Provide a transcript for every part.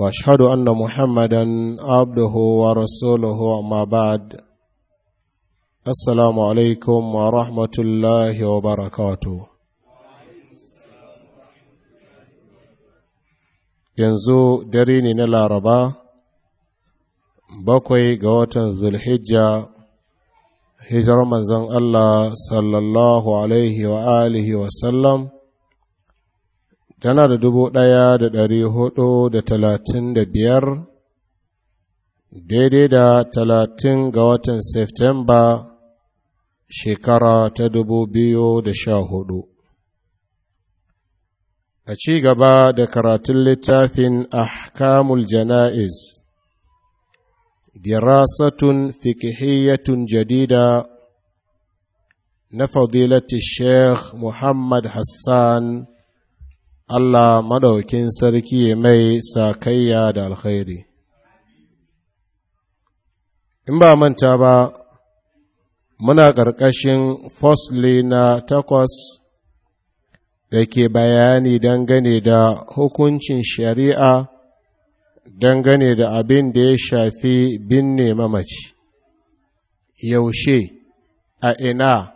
واشهد ان محمدا عبده ورسوله اما بعد السلام عليكم ورحمه الله وبركاته yanzu dare ne na laraba bakwai ga watan zulhijja hijirar manzon allah sallallahu alaihi wa alihi wasallam tana da dubu ɗaya da ɗari hudu da talatin da biyar daidai da talatin ga watan Septemba shekara ta dubu biyu da sha hudu. A ci gaba da karatun littafin Ahkamul Jana'iz, dirasatun fikihiyatun jadida na fadilati Shekh Muhammad Hassan Allah maɗaukin sarki ya mai sakayya da alkhairi in ba manta ba muna ƙarƙashin fosli na takwas da ke bayani dangane da hukuncin shari'a dangane da abin da ya shafi binne mamaci yaushe a ina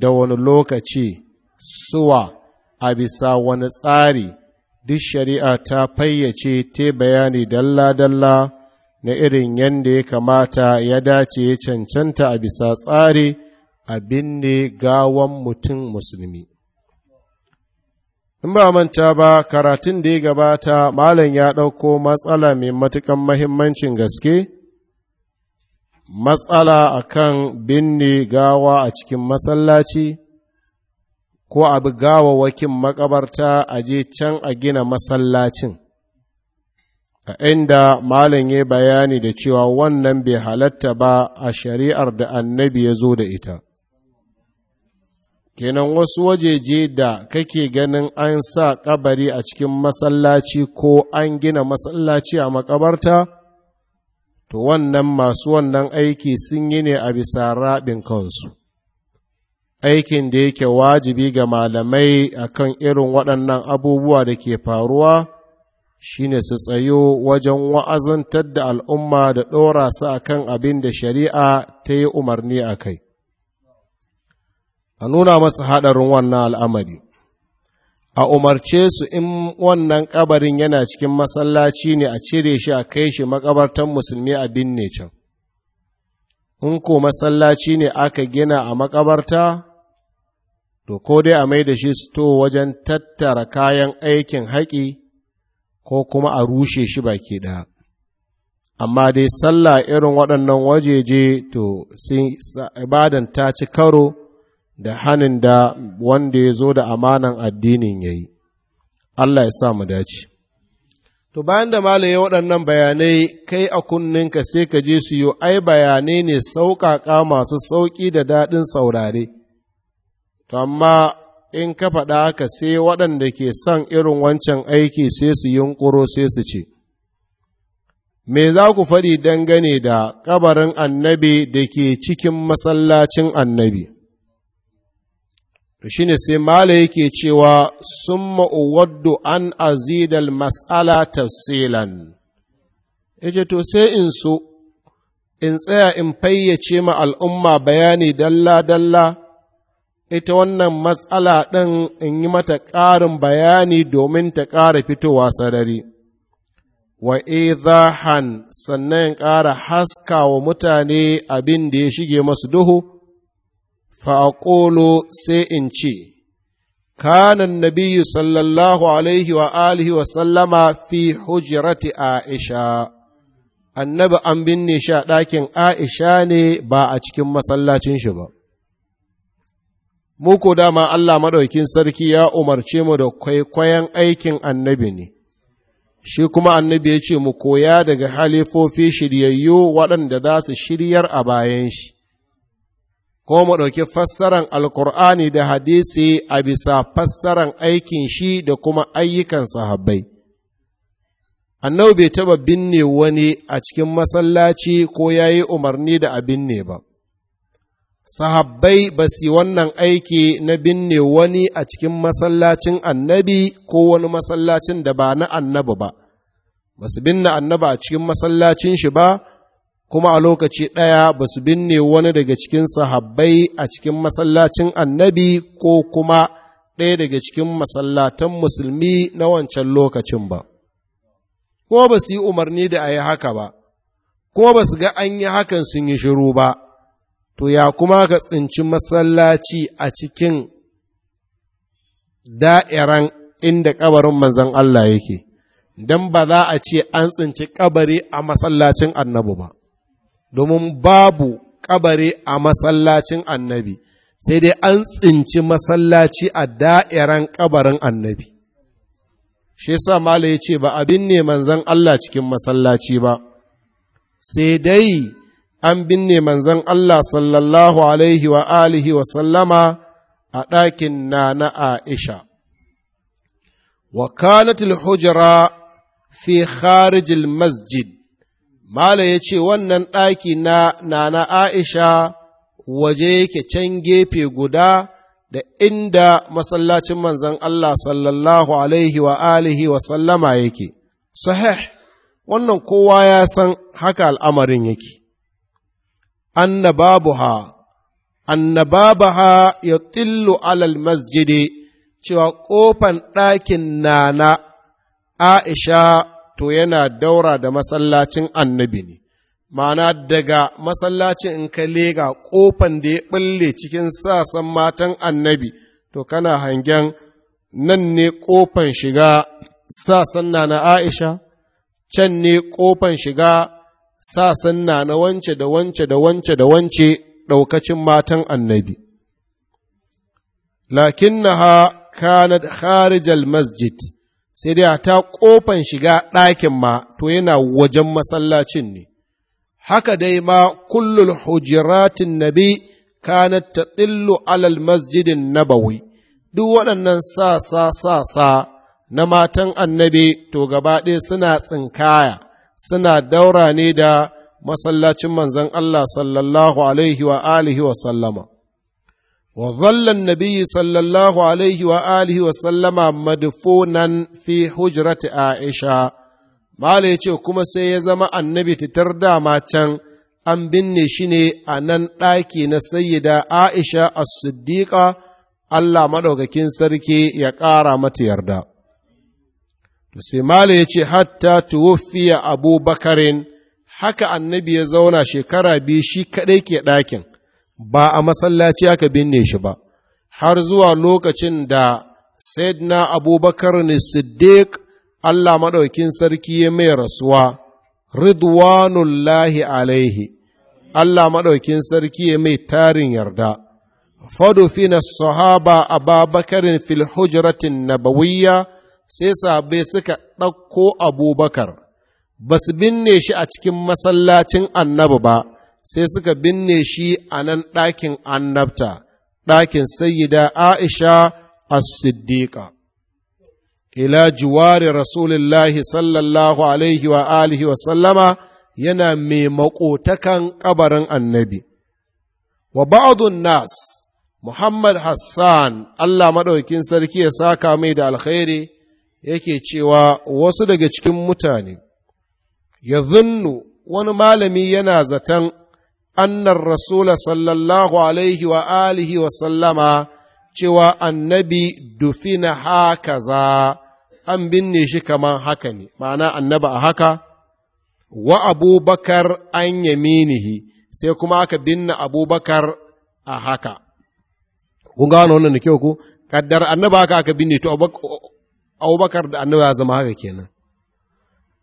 da wani lokaci suwa a bisa wani tsari duk shari'a ta fayyace ta bayani dalla-dalla na irin yadda ya kamata ya dace ya cancanta a bisa tsari a binne gawan mutum musulmi. In ba manta ba karatun da ya gabata malam ya ɗauko matsala mai matukan mahimmancin gaske, matsala akan binne gawa a cikin masallaci, ko a bi wakin makabarta a je can a gina masallacin a inda malin ya bayani da cewa wannan bai halatta ba a shari'ar da annabi ya zo da ita kenan wasu wajeje da kake ganin an sa kabari a cikin masallaci ko an gina masallaci a makabarta to wannan masu wannan aiki sun yi ne a bisa rabin kansu aikin da yake wajibi ga malamai akan irin waɗannan abubuwa da ke faruwa shine su tsayo wajen wa'azantar da al'umma da ɗora su kan abin da shari'a ta yi umarni a kai a nuna masa haɗarin wannan al'amari a umarce su in wannan ƙabarin yana cikin masallaci ne a cire shi a kai shi makabartan musulmi a binne can in ko masallaci ne aka gina a makabarta to ko dai a mai da shi sito wajen tattara kayan aikin haƙi ko kuma a rushe shi baki ɗaya amma dai sallah irin waɗannan wajeje to sun ibadan ta ci karo da hannun da wanda ya zo da amanan addinin ya yi allah ya sa mu dace to bayan da malaye waɗannan bayanai kai a kunninka sai ka je su yi ai bayanai ne sauƙaƙa masu sauƙi da daɗin saurare to amma in ka faɗa haka sai waɗanda ke son irin wancan aiki sai su yunƙuro sai su ce me za ku faɗi dangane da ƙabarin annabi da ke cikin masallacin annabi shi ne sai mala yake cewa sun ma'uwaddu an azidal mas'ala tafsilan yace to sai in so in tsaya in fayyace ma al'umma bayani dalla-dalla ita wannan matsala ɗin in yi mata ƙarin bayani domin ta ƙara fitowa sarari. Wa idahan sannan ƙara haska wa mutane abin da ya shige masu duhu, fa'aƙolo sai in ce, Kanan Nabiyu sallallahu alaihi wa alihi wa sallama fi hujirati Aisha, annabi an binne shi a ɗakin Aisha ne ba a cikin masallacin shi ba. mu ko dama Allah maɗaukin sarki ya umarce mu da kwaikwayon aikin annabi ne, shi kuma annabi ya ce mu koya daga halifofi shiryayyo waɗanda za su shiryar a bayan shi, ko mu ɗauki fassaran alkur'ani da hadisi a bisa fassaran aikin shi da kuma ayyukan sahabbai. Annabi bai taɓa binne wani a cikin masallaci ko ya yi umarni da a binne ba. sahabbai ba su wannan aiki na binne wani a cikin masallacin annabi ko wani masallacin da ba na annabi ba ba su binne annabi a cikin masallacin shi ba kuma a lokaci ɗaya ba su binne wani daga cikin sahabbai a cikin masallacin annabi ko kuma ɗaya daga cikin masallatan musulmi na wancan lokacin ba kuma ba su yi umarni da a yi haka ba kuma ba su ga an yi hakan sun yi shiru ba to ya kuma ka tsinci masallaci a cikin da'iran inda kabarin manzan Allah yake, don ba za a ce an tsinci kabari a masallacin annabi ba, domin babu kabari a masallacin annabi, sai dai an tsinci masallaci a da'iran kabarin annabi. Shi sa Mala ya ce ba abin ne manzan Allah cikin masallaci ba, sai dai an binne manzon Allah sallallahu alaihi wa alihi wa sallama a ɗakin na na Aisha. Wa kanatil hujra fi kharijil masjid, Mala ya ce wannan ɗaki na na Aisha waje yake can gefe guda da inda masallacin manzon Allah sallallahu alaihi wa alihi wa sallama yake. Sahih, wannan kowa ya san haka al'amarin yake. annababuha annababaha ya tillu alal masjidi cewa ƙofan ɗakin nana aisha to yana daura da masallacin annabi ne ma'ana daga masallacin in ka lega ƙofan da ya ɓalle cikin sasan matan annabi to kana hangen nan ne ƙofan shiga sasan nana aisha can ne ƙofan shiga sa sunna na wance da wance da wance da wance ɗaukacin matan annabi. Lakinnaha kanat kharijal masjid sai dai ta ƙofan shiga ɗakin ma to yana wajen masallacin ne. Haka dai ma kullul hujiratin nabi kanat ta alal masjidin nabawi. duk waɗannan sa sa sa sa na matan annabi to gaba ɗaya suna tsinkaya suna daura ne da masallacin manzon Allah sallallahu alaihi wa alihi wa sallama wa zallan an sallallahu alaihi wa alihi wa sallama madfunan fi hujrati Aisha Mala ya ce kuma sai ya zama annabi titar dama can an binne shi ne a nan ɗaki na sayyida Aisha as-Siddiqa Allah maɗaukakin sarki ya ƙara mata yarda. To ya ce, Hatta tuwufiya Abu Bakarin, haka annabi ya zauna shekara biyu shi kaɗai ke ɗakin, ba a masallaci aka binne shi ba, har zuwa lokacin da saidna Abubakar Bakarin Siddiq Allah maɗaukin sarki ya mai rasuwa, Ridwanullahi alaihi, Allah maɗaukin sarki ya mai tarin yarda. Fadufina sahaba Ababakarin fil hujratin nabawiyya sai sabe suka ɗauko abubakar ba su binne shi a cikin masallacin annabi ba sai suka binne shi a nan ɗakin annabta ɗakin sayyida aisha a siddiqa ila juwari rasulillahi sallallahu alaihi wa alihi wa sallama yana mai maƙotakan ƙabarin annabi wa ba'dun nas Muhammad Hassan, Allah maɗaukin sarki ya saka mai da alkhairi, yake cewa wasu daga cikin mutane ya zunnu wani malami yana zaton annar rasula sallallahu alaihi wa alihi wa sallama cewa annabi dufina haka za an binne shi kamar haka ne ma'ana annaba a haka wa abubakar an yaminihi sai kuma aka binne abubakar a haka kun gano wannan da kyau ku kaddar annaba haka aka binne to abubakar da annabi ya zama haka kenan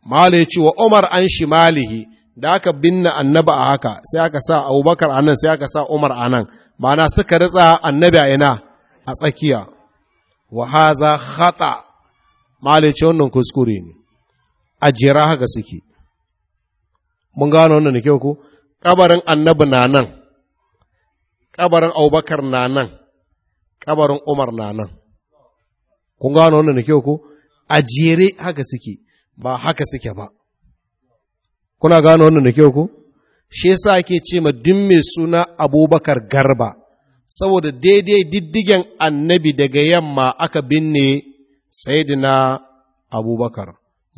malai ce wa umar an shi malihi da aka binne annabi a haka sai aka sa abubakar a nan sai aka sa umar a nan ma'ana suka ritsa annabi a ina a tsakiya wa haza khata malai ce wannan kuskure ne a jira haka suke mun gano wannan da kyau ko kabarin annabi na nan kabarin abubakar na nan kabarin umar na nan kun gano wannan da kyau ko a jere haka suke ba haka suke ba kuna gano wannan da kyau ko shi yasa ake ce ma duk mai suna abubakar garba saboda daidai diddigen annabi daga yamma aka binne sayidina abubakar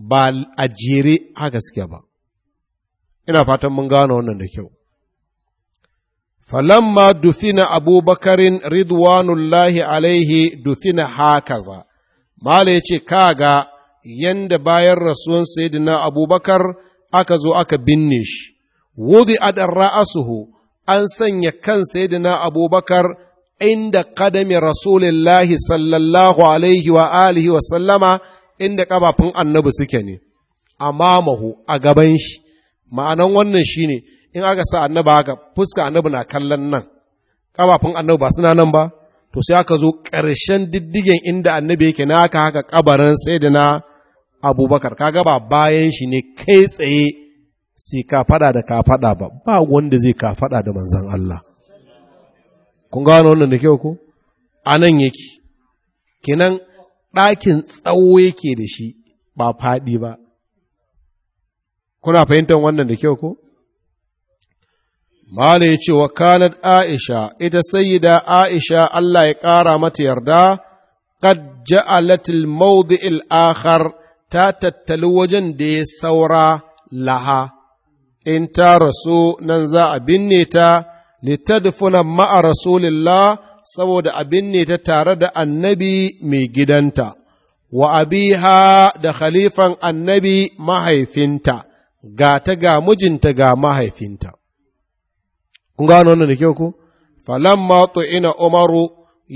ba a jere haka suke ba ina fatan mun gano wannan da kyau falamma dufina abubakarin ridwanullahi alaihi dufina hakaza Mala ya ce, Kaga yanda bayan rasuwan Sayyidina Abubakar aka zo aka binne shi, wudi a ra'asuhu an sanya kan Sayyidina Abubakar inda kadami Rasulillahi sallallahu alaihi wa alihi wa sallama inda ƙafafun annabi suke ne, a mamahu a gaban shi, ma'anan wannan shi ne, in aka sa annaba haka fuska annabi na kallon nan, ƙafafun annabi ba suna nan ba, to sai aka zo ƙarshen diddigen inda annabi yake na aka haka kabarin sai da na abubakar kaga ba bayan shi ne kai tsaye sai ka fada da ka fada ba ba wanda zai ka fada da manzan Allah kun gano wannan da kyau ko a nan yake kenan ɗakin tsawo yake da shi ba faɗi ba kuna fahimtar wannan da kyau ko Mala ya ce wa kanar Aisha, ita da Aisha Allah ya ƙara mata yarda, ƙad ja'alatil mawdi'il akhar ta tattali wajen da ya saura laha, in ta rasu nan za a binne ta, litadfuna ma'a rasulillah saboda a binne ta tare da annabi mai gidanta, wa abiha da khalifan annabi mahaifinta, ga ta ga mijinta ga mahaifinta. Kunga gano wannan da kyau ko falamma ina umaru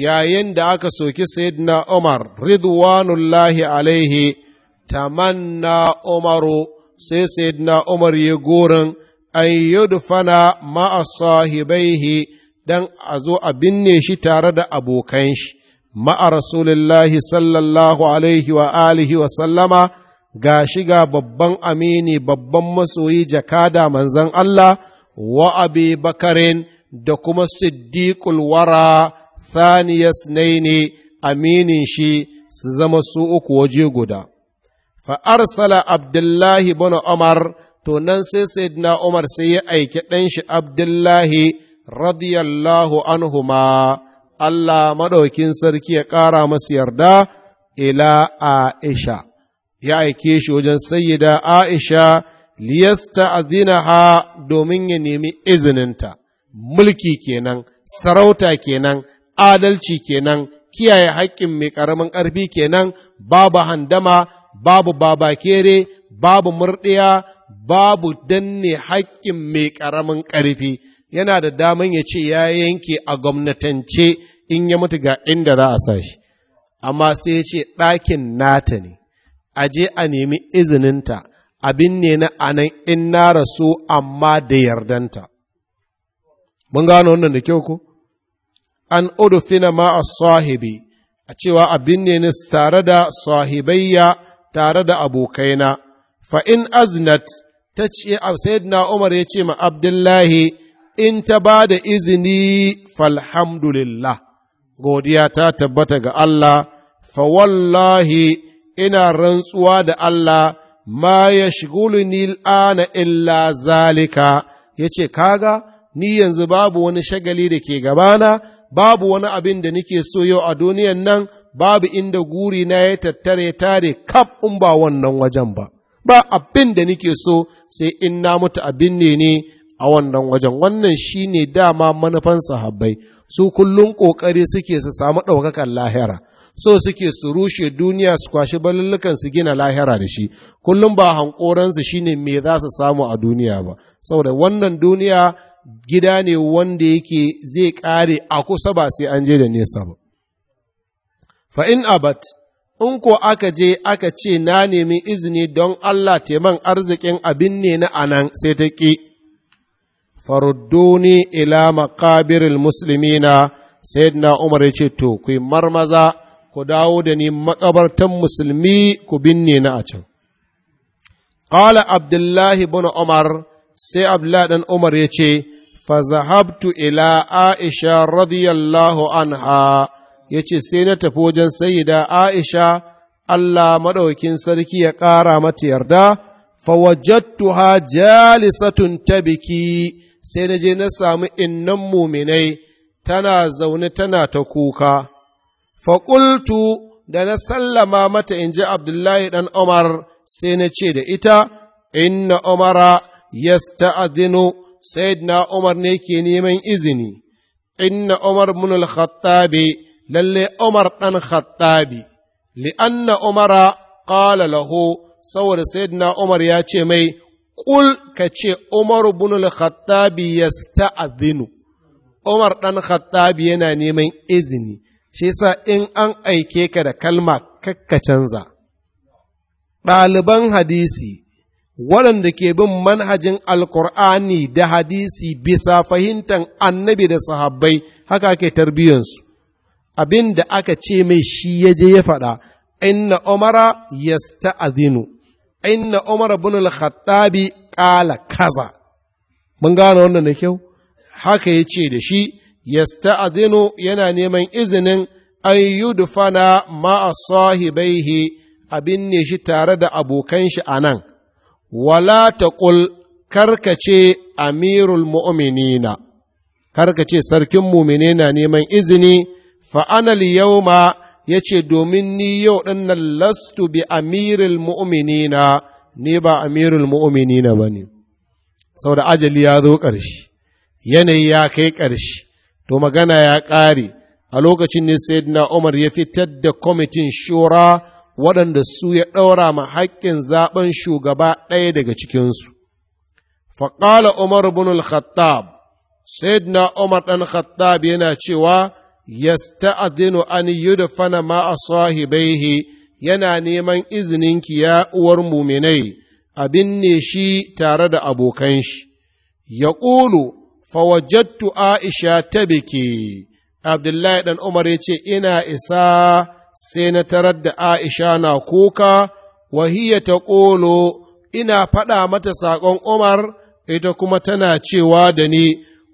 yayin da aka soki sayyidina umar ridwanullahi alaihi tamanna umaru sai sayyidina umar ya gorin an yudfana ma'a sahibaihi dan a zo a binne shi tare da abokan shi ma'a rasulillahi sallallahu alaihi wa alihi wa sallama ga shiga babban amini babban masoyi jakada manzan Allah wa abi bakarin da kuma siddiqul wara thaniyas naini aminin shi su zama su uku waje guda fa arsala abdullahi bin umar to nan sai sayyidina umar sai ya aiki ɗan shi abdullahi radiyallahu anhuma Allah maɗaukin sarki ya ƙara masa yarda ila Aisha, ya aike shi wajen sayyida Aisha ha domin ya nemi izininta mulki kenan sarauta kenan adalci kenan kiyaye haƙƙin mai ƙaramin ƙarfi kenan babu handama babu babakere babu murɗiya babu danne haƙƙin mai ƙaramin ƙarfi yana da daman ya ce ya yanke a gwamnatance in ya mutu ga inda za a sa shi amma sai ya ce ɗakin nata ne a je a nemi izininta abin ne na anan in na rasu amma da yardanta mun gano wannan da kyau ko an udufina ma a sahibi a cewa abin ne na tare da sahibayya tare da abokaina fa in aznat ta ce sayyidina umar ya ce ma abdullahi in ta ba da izini falhamdulillah godiya ta tabbata ga Allah fa wallahi ina rantsuwa da Allah ma ya shiguluni al'ana illa zalika ya ce kaga ni yanzu babu wani shagali da ke gabana babu wani abin da nake so yau a duniyan nan babu inda guri na ya tattare tare kaf in ba wannan wajen ba ba abin da nake so sai in na mutu abin ne ne a wannan wajen wannan shine dama manufan sahabbai su kullum ƙoƙari suke su samu ɗaukakan lahira so suke su rushe duniya su kwashi balullukan su gina lahira da shi kullum ba hankoransu shine mai za su samu a duniya ba saboda wannan duniya gida ne wanda yake zai kare a kusa ba sai an je da nesa ba fa in abat in ko aka je aka ce na nemi izini don Allah teman arzikin abin ne na anan sai ta ƙi farudduni ila maqabiril muslimina sayyidina Umar ya ce to ku marmaza ku dawo da ni makabartan musulmi ku binne na a can. Ƙala Abdullahi bin Umar sai Abdullahi ɗan Umar ya ce, Fazahabtu ila Aisha radiyallahu anha ya ce sai na tafi wajen sayida Aisha Allah maɗaukin sarki ya ƙara mata yarda, ha jalisatun biki, sai na je na samu innan muminai tana zaune tana ta kuka. faƙultu da na sallama mata in ji Abdullahi ɗan Umar sai na ce da ita, inna Umara yasta'adinu na Umar ne ke neman izini, inna Umar munul khattabi lalle Umar ɗan khattabi, li'anna Umara ƙala laho, saboda na Umar ya ce mai, ƙul ka ce Umar bunul khattabi yasta'adinu, Umar ɗan khattabi yana neman izini. shi sa in an aike ka da kalma kakka canza ɗaliban hadisi waɗanda ke bin manhajin alkur'ani da hadisi bisa fahimtar annabi da sahabbai haka ake tarbiyyansu abin da aka ce mai shi ya je ya faɗa inna umara yasta'adhinu inna umara bin al-khattabi qala kaza mun gane wannan da kyau haka ya ce da shi yasta'adhinu yana neman izinin an yudfana ma'a sahibaihi a binne shi tare da abokan shi anan. nan, wala ta karkace amirul mu'minina, karkace sarkin mumine na neman izini, fa'anal yauma ya ce domin ni yau ɗannan lastu bi amirul mu'minina, ne ba amirul mu'minina ba ne, ajali ya zo ƙarshe, yanayi ya kai ƙarshe, to magana ya ƙare a lokacin ne na Umar ya fitar da kwamitin shura waɗanda su ya ɗaura ma haƙƙin zaɓen shugaba ɗaya daga cikinsu. Faƙala Umar bin al-Khattab, na Umar ɗan Khattab yana cewa, yasta'adinu an yi ma a sahibaihi yana neman izininki ya uwar muminai abin ne shi tare da abokan shi. Ya ƙulu, fawajattu aisha ta biki abdullahi dan umar ya ce ina isa sai na tarar da aisha na kuka wahiya ta ƙolo ina faɗa mata saƙon umar ita kuma tana cewa da ni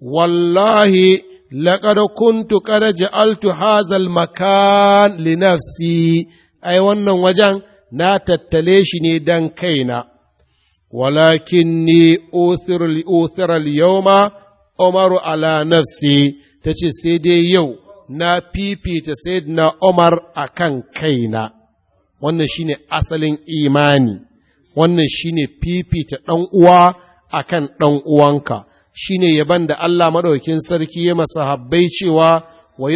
wallahi لقد كنت قد جعلت hazal المكان linafsi. Ai wannan wajen na tattale shi ne dan kaina walakinni uthir li uthir Umaru ala nafsi ta ce sai dai yau na fifita na Umar a kan kaina, wannan shine asalin imani, wannan shine fifita ɗan uwa a kan ɗan uwanka, shine yaban da Allah maɗaukin sarki ya masahabbai cewa wa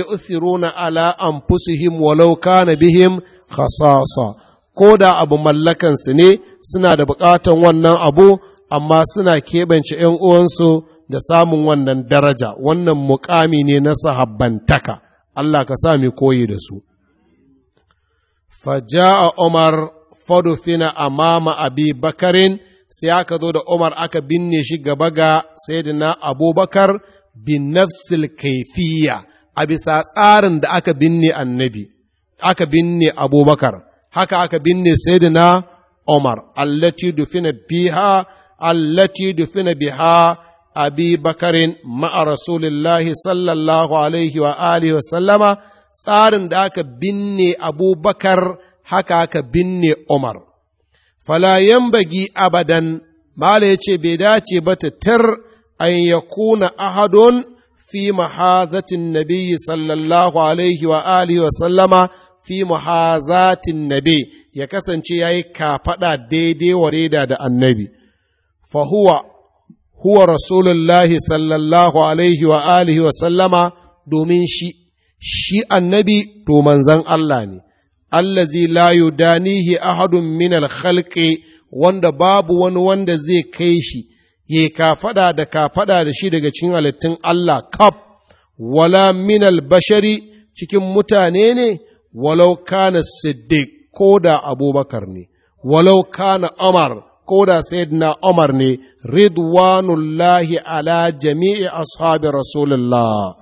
na ala anfusihim walau na bihim khasasa ko da abu mallakansu ne suna da buƙatan wannan abu amma suna keɓance ‘yan uwansu da samun wannan daraja wannan mukami ne na sahabbantaka Allah ka sa mu koyi da su faja'a Umar fadufina amama Abi Bakarin sai aka zo da Umar aka binne shi gaba ga Sayyidina Abubakar bin nafsil kaifiyya a bisa tsarin da aka binne annabi aka binne Abubakar haka aka binne Sayyidina Umar allati dufina biha allati dufina biha abi bakarin ma'a rasulillahi sallallahu alaihi wa alihi tsarin da aka binne abubakar haka aka binne umar falayen bagi abadan mala ya ce bai dace ba ta tar an ya kuna ahadun fi mahazatin nabi sallallahu alaihi wa alihi wa sallama fi muhazatin nabi ya kasance ya yi kafaɗa daidai wa da annabi fahuwa huwa rasulullahi sallallahu alaihi wa alihi wa sallama domin shi shi annabi to manzan Allah ne allazi la yudanihi ahadun min al wanda babu wani wanda zai kai shi ya kafada da kafada da shi daga cikin halittun Allah kaf wala min al-bashari cikin mutane ne walau kana siddiq ko da abubakar ne walau kana umar Koda da sayyidina Umar ne ridwanullahi ala jami'i ashabi rasulullah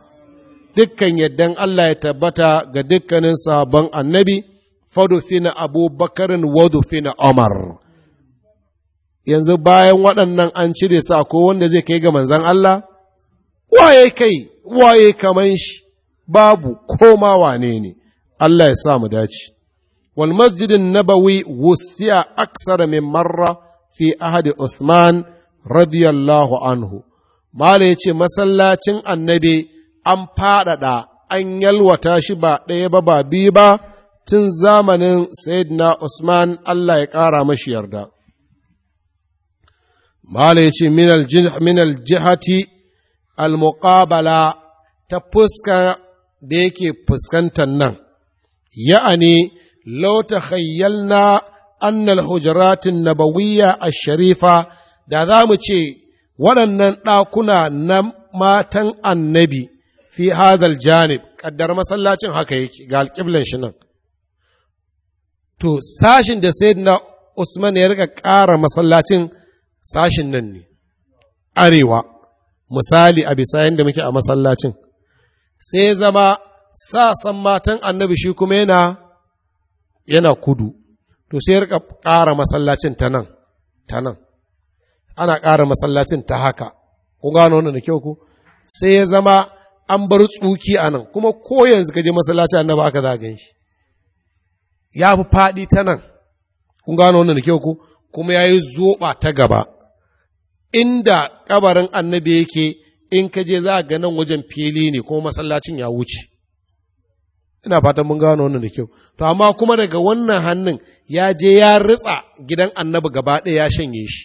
dukkan yaddan Allah ya tabbata ga dukkanin sahabban annabi fina abubakarin fina Umar yanzu bayan waɗannan an cire su ko wanda zai kai ga manzan Allah waye kai waye kaman shi babu koma wane ne Allah ya sa mu dace wal masjidin nabawi wusiya aksara min marra fi ahadi Usman radiyallahu anhu. Mala ya ce masallacin annabi an faɗaɗa an yalwata shi ba ɗaya ba ba biyu ba tun zamanin Sayyidina Usman Allah ya ƙara mashi yarda. Mala ya ce minal jihati al-muqabala ta fuska da yake fuskantar nan, ya'ani lau ta khayyalna annal hujaratin nabawiyya a sharifa da za mu ce waɗannan ɗakuna na matan annabi fi hadal janib ƙaddar masallacin haka yake ga alƙiblan shi nan to sashin da sayyidina usman ya rika ƙara masallacin sashin nan ne arewa misali a bisa yadda muke a masallacin sai zama sasan matan annabi shi kuma yana yana kudu to sai rika ƙara masallacin ta nan ta nan ana ƙara masallacin ta haka kun gano wannan da kyau ku sai ya zama an bar tsuki a nan kuma ko yanzu ka je masallaci aka za shi ya fi faɗi ta nan kun gano wannan da kyau ku kuma ya yi zoɓa ta gaba inda kabarin annabi yake in ka je za a ga nan wajen fili ne kuma masallacin ya wuce ina fatan mun gano wannan da kyau to amma kuma daga wannan hannun ya je ya ritsa gidan annabi gaba ɗaya ya shanye shi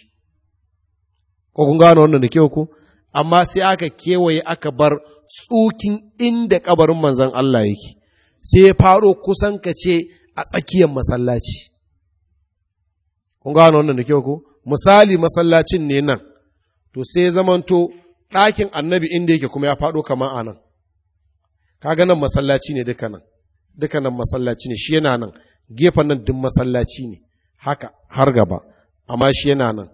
ko kun gano wannan da kyau ko amma sai aka kewaye aka bar tsukin inda kabarin manzon Allah yake sai ya faro kusan ka ce a tsakiyar masallaci kun gano wannan da kyau ko misali masallacin ne nan to sai zamanto ɗakin annabi inda yake kuma ya faɗo kamar a nan kaga nan masallaci ne duka nan duka nan masallaci ne shi yana nan gefen nan duk masallaci ne haka har gaba amma shi yana nan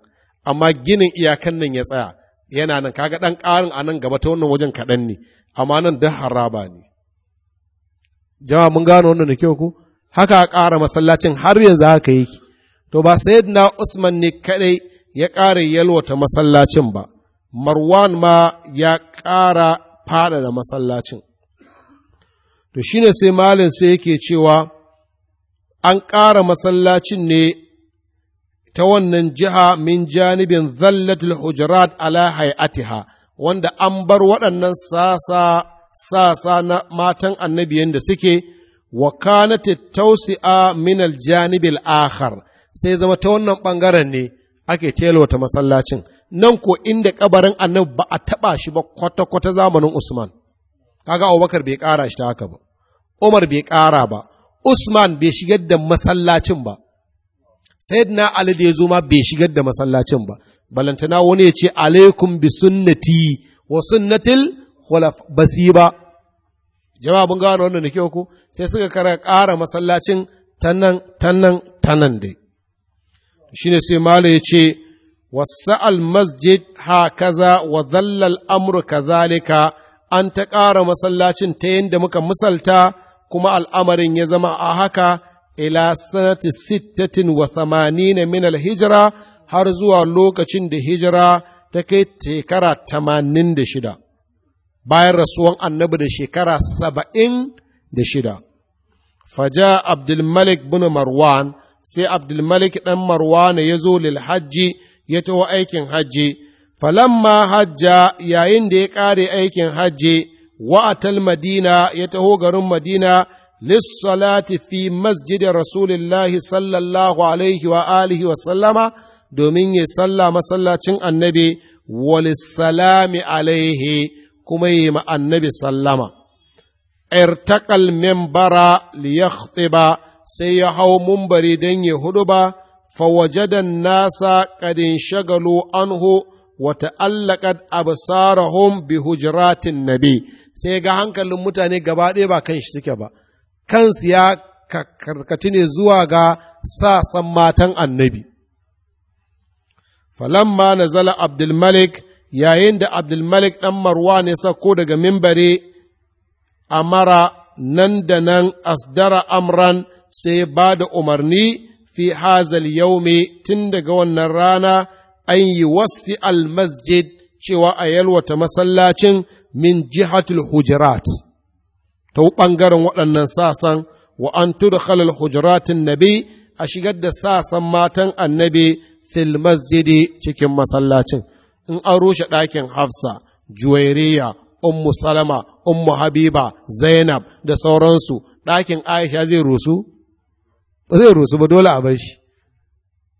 amma ginin iyakan nan ya tsaya yana nan kaga dan karin a nan gaba ta wannan wajen kaɗan ne amma nan duk haraba ne jama'a mun gano wannan da kyau ko haka a ƙara masallacin har yanzu haka yake to ba sayyidina Usman ne kadai ya ƙara yalwata masallacin ba Marwan ma ya ƙara faɗaɗa masallacin To shi ne sai malin sai yake cewa an ƙara masallacin ne ta wannan jiha min janibin zallatul hujurat ala hay'atiha wanda an bar waɗannan sasa sasa na matan annabi yadda suke wa kanat tausi'a min aljanibil akhar sai zama ta wannan bangaren ne ake ta masallacin nan ko inda ƙabarin annabi ba a taba shi ba kwata kwata zamanin Usman kaga Abubakar bai ƙara shi ta haka ba Umar bai ƙara ba, Usman bai shigar da masallacin ba, Sayyidina Ali da ya zo ma bai shigar da masallacin ba, balantana wani ya ce, Alaikum bi sunnati wa sunnatil khulaf basi ba. Jama'a mun gano wannan da kyau ku sai suka kara ƙara masallacin tannan tannan tannan dai. ne sai Mala ya ce, Masjid wa المسجد هكذا وظل an ta ƙara masallacin ta yadda muka misalta. kuma al'amarin ya zama a haka ila sanati sittatin wa thamanina min alhijira har zuwa lokacin da hijira ta kai shekara tamanin da shida bayan rasuwan annabi da shekara saba'in da shida faja abdulmalik bin marwan sai abdulmalik ɗan marwana ya zo lil hajji ya taho aikin hajji falamma hajja yayin da ya ƙare aikin hajji wa'atal madina ya taho garin madina lissalati fi masjidin rasulillahi sallallahu alaihi wa wa sallama domin ya salla masallacin annabi walissalami alaihi kuma yi ma annabi sallama irtakal membara liyakhtiba sai ya hau mumbari don ya hudu ba fawajadan nasa ƙarin shagalu anhu wa ta'allaqat absarahum bi hujratin nabi sai ga hankalin mutane gaba ɗaya ba kan shi suke ba kansu ya karkati ne zuwa ga sasan matan annabi falamma nazala abdul malik yayin da abdul malik dan marwa ne sako daga mimbare amara nan da nan asdara amran sai ba da umarni fi hazal yaumi tun daga wannan rana an yi wasi almasjid cewa a yalwata masallacin min jihatul hujurat ta ɓangaren waɗannan sasan wa an halal hujuratin nabi a shigar da sasan matan annabi fil masjidi cikin masallacin in an rushe ɗakin hafsa juwairiya ummu salama ummu habiba zainab da sauransu ɗakin aisha zai rusu ba dole a bashi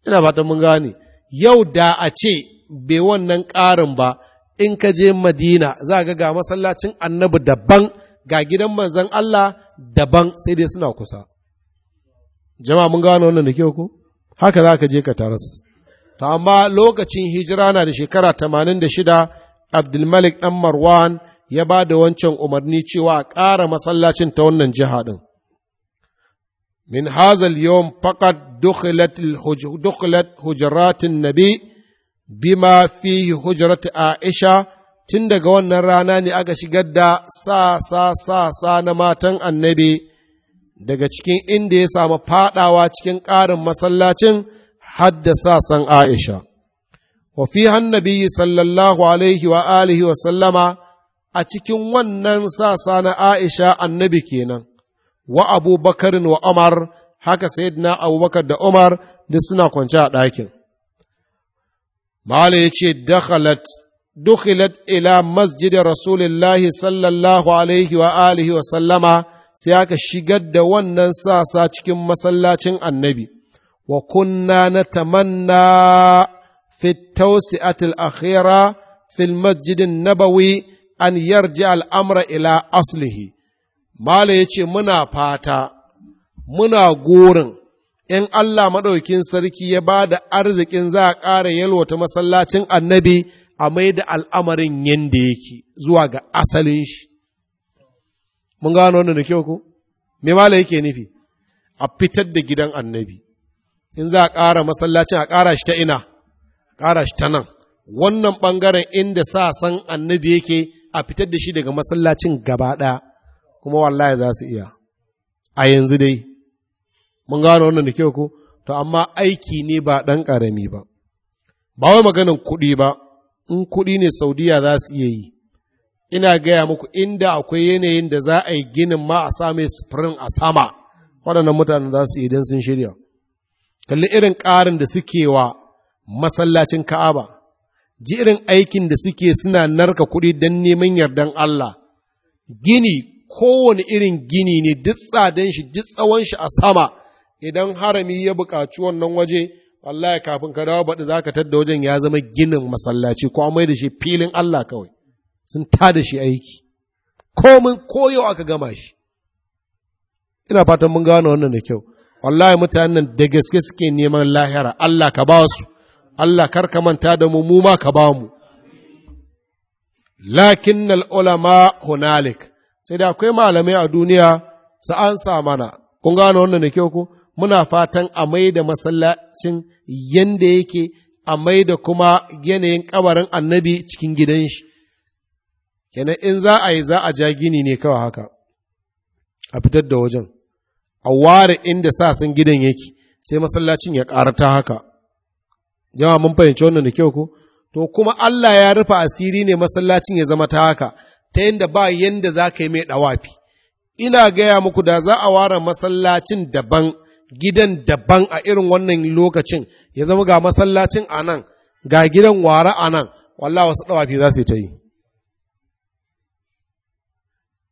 ina fatan mun gane yau da a ce bai wannan ƙarin ba in ka je madina za ga ga masallacin annabi daban ga gidan manzan Allah daban sai dai suna kusa jama'a mun gano wannan da ke ku haka za ka je ka taras Ta amma lokacin hijira na da shekara tamanin da shida abdulmalik ɗan marwan ya ba da wancan umarni cewa ƙara masallacin ta wannan jiha ɗin min hazal yawan fakad. دخلت hujratin nabi bima fihi hujrat aisha tun daga wannan rana ne aka shigar da sa sa sa sa na matan annabi daga cikin inda ya samu fadawa cikin ƙarin masallacin haddasa san Aisha. Wa fi hannabi sallallahu alaihi wa alihi wa sallama a cikin wannan sasa na Aisha annabi kenan, wa abubakarin wa Umar haka na abubakar da umar duk suna kwance a ɗakin mahala ya ce dakhalat dukhilat ila masjidin rasulillahi sallallahu alaihi wa alihi wa sallama sai aka shigar da wannan sasa cikin masallacin annabi wa kunna na tamanna fi tawsi'atil akhira fi masjidin nabawi an yarji al'amra ila aslihi mala ya ce muna fata muna gorin in Allah maɗaukin sarki ya ba da arzikin za a ƙara yalwata masallacin annabi a mai da al'amarin yadda yake zuwa ga asalin shi. Mun gano wannan da kyau ko? Me mala yake nufi? A fitar da gidan annabi. In za a ƙara masallacin a ƙara shi ta ina, ƙara shi ta nan. Wannan ɓangaren inda sa san annabi yake a fitar da shi daga masallacin gaba ɗaya, kuma wallahi za su iya. A yanzu dai. mun gano wannan da kyau ko to amma aiki ne ba ɗan ƙarami ba ba wai maganin kuɗi ba in kuɗi ne saudiya za su iya yi ina gaya muku inda akwai yanayin da za a yi ginin ma a sa mai spring a sama waɗannan mutanen za su idan sun shirya kalli irin ƙarin da suke wa masallacin ka'aba ji irin aikin da suke suna narka kuɗi don neman yardan Allah gini kowane irin gini ne duk tsadan shi duk tsawon shi a sama idan harami ya buƙaci wannan waje wallahi kafin ka dawo baɗi za ka tadda wajen ya zama ginin masallaci ko amai da shi filin Allah kawai sun ta da shi aiki komin koyau aka gama shi ina fatan mun gano wannan da kyau wallahi mutanen da gaske suke neman lahira Allah ka ba su Allah kar ka manta da mu mu ma ka ba mu lakinnal ulama hunalik sai da akwai malamai a duniya sa an sa mana kun gano wannan da kyau ko muna fatan a mai da masallacin yanda yake a mai da kuma yanayin kabarin annabi cikin gidan shi kenan in za a yi za a ja gini ne kawai haka a fitar da wajen a ware inda sun gidan yake sai masallacin ya karata haka jama mun fahimci wannan da kyau ko to kuma Allah ya rufe asiri ne masallacin ya zama ta haka ta yadda ba yanda za ka yi mai ɗawafi ina gaya muku da za a ware masallacin daban gidan daban a irin wannan lokacin ya zama ga masallacin a nan ga gidan wara a nan wallah wasu ɗawafi za su ta yi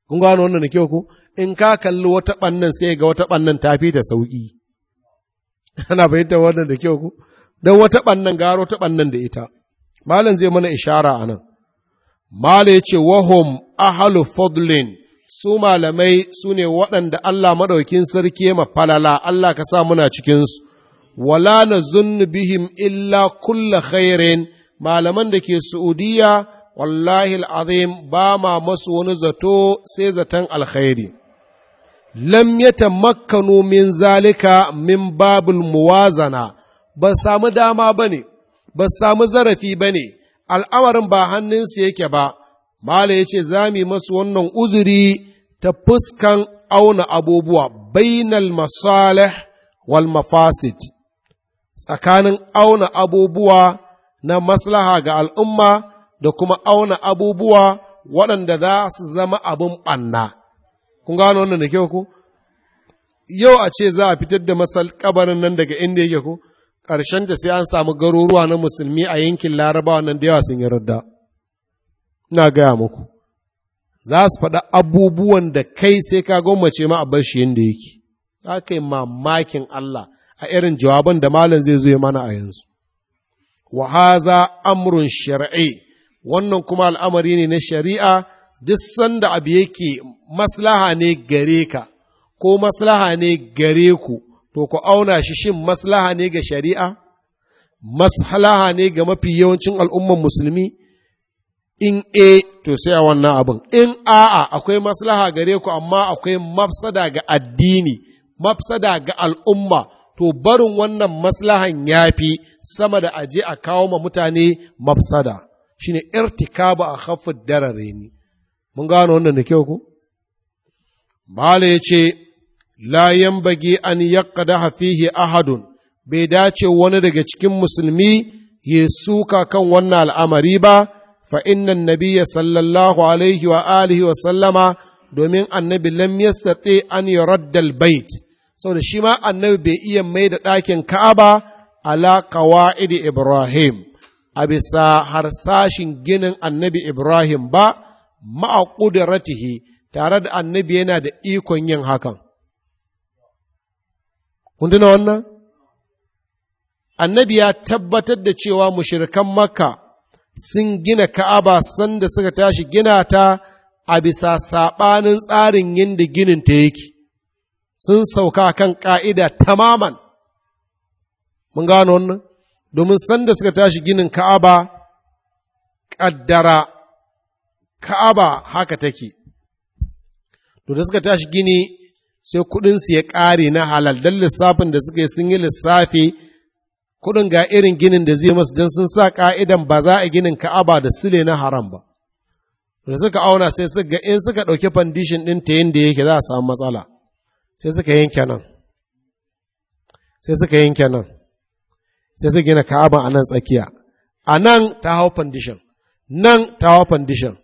kun gano wannan da kyau ku? in ka kalli wata ɓannan sai ga wata ɓannan fi da sauƙi ana fahimtar wannan da kyau ku? don wata ɓannan gara wata ɓannan da ita malam zai mana ishara a nan malam ya ce wahum ahalu fadlin su malamai su ne waɗanda Allah maɗaukin sarki ma mafalala Allah ka sa muna cikinsu, wala na zunnu bihim illa kulla khairin malaman da ke Su'udiyya wallahi al'azim ba ma masu wani zato sai zaton alkhairi. Lam yata makkanu min zalika min babul muwazana ba samu dama ba ne, ba samu zarafi ba ne, al'amarin ba hannunsu yake ba. Mala ya ce, Za mu yi masu wannan uzuri ta fuskan auna abubuwa bainal masalih wal mafasid, tsakanin auna abubuwa na maslaha ga al'umma da kuma auna abubuwa waɗanda za su zama abin ɓanna. Kun gano wannan da kyau ku? Yau a ce za a fitar da masal kabarin nan daga inda yake ku, ƙarshen da sai an samu garuruwa na musulmi a yankin larabawa nan da yawa sun yi radda. ina gaya muku za su faɗa abubuwan da kai sai ka gwammace ma a bar shi yadda yake za ka yi mamakin Allah a irin jawaban da malam zai zo mana a yanzu wahaza haza amrun wannan kuma al'amari ne na shari'a duk sanda abu yake maslaha ne gare ka ko maslaha ne gare ku to ku auna shi shin maslaha ne ga shari'a maslaha ne ga mafi yawancin al'ummar musulmi in A to sai a wannan abin in a'a akwai maslaha gare ku amma akwai mafsada ga addini mafsada ga al'umma to barin wannan maslahan yafi sama da aje a kawo ma mutane mafsada shine irtikabu a khaffid darare ne mun gano wannan da kyau ku mala yace la bage an yaqdaha fihi ahadun bai dace wani daga cikin musulmi ya suka kan wannan al'amari ba fa inna nabiyya sallallahu alaihi wa alihi wa sallama domin annabi lam yastati an yuraddal bait da shi ma annabi bai iya mai da ɗakin Ka'aba ala qawaid Ibrahim a bisa harsashin ginin annabi Ibrahim ba ma'a ƙudiratihi tare da annabi yana da ikon yin hakan. wannan? Annabi ya tabbatar da cewa mushirikan Makka sun gina ka'aba sanda suka tashi gina ta a bisa saɓanin tsarin yadda ginin ta yake, sun sauka kan ƙa'ida tamaman. Mun gano wannan, domin sanda suka tashi ginin ka'aba, ƙaddara ka'aba haka take. To da suka tashi gini sai kuɗinsu ya ƙare na halal, don lissafin da suka yi sun yi lissafi kuɗin ga irin ginin da zai masu don sun sa ƙa'idan ba za a ginin ka'aba da sile na haram ba da suka auna sai suka in suka ɗauki fandishin ɗin ta yadda yake za a samu matsala sai suka yanke nan sai suka yanke nan sai suka gina ka'aba a nan tsakiya a nan ta hau fandishin nan ta hau fandishin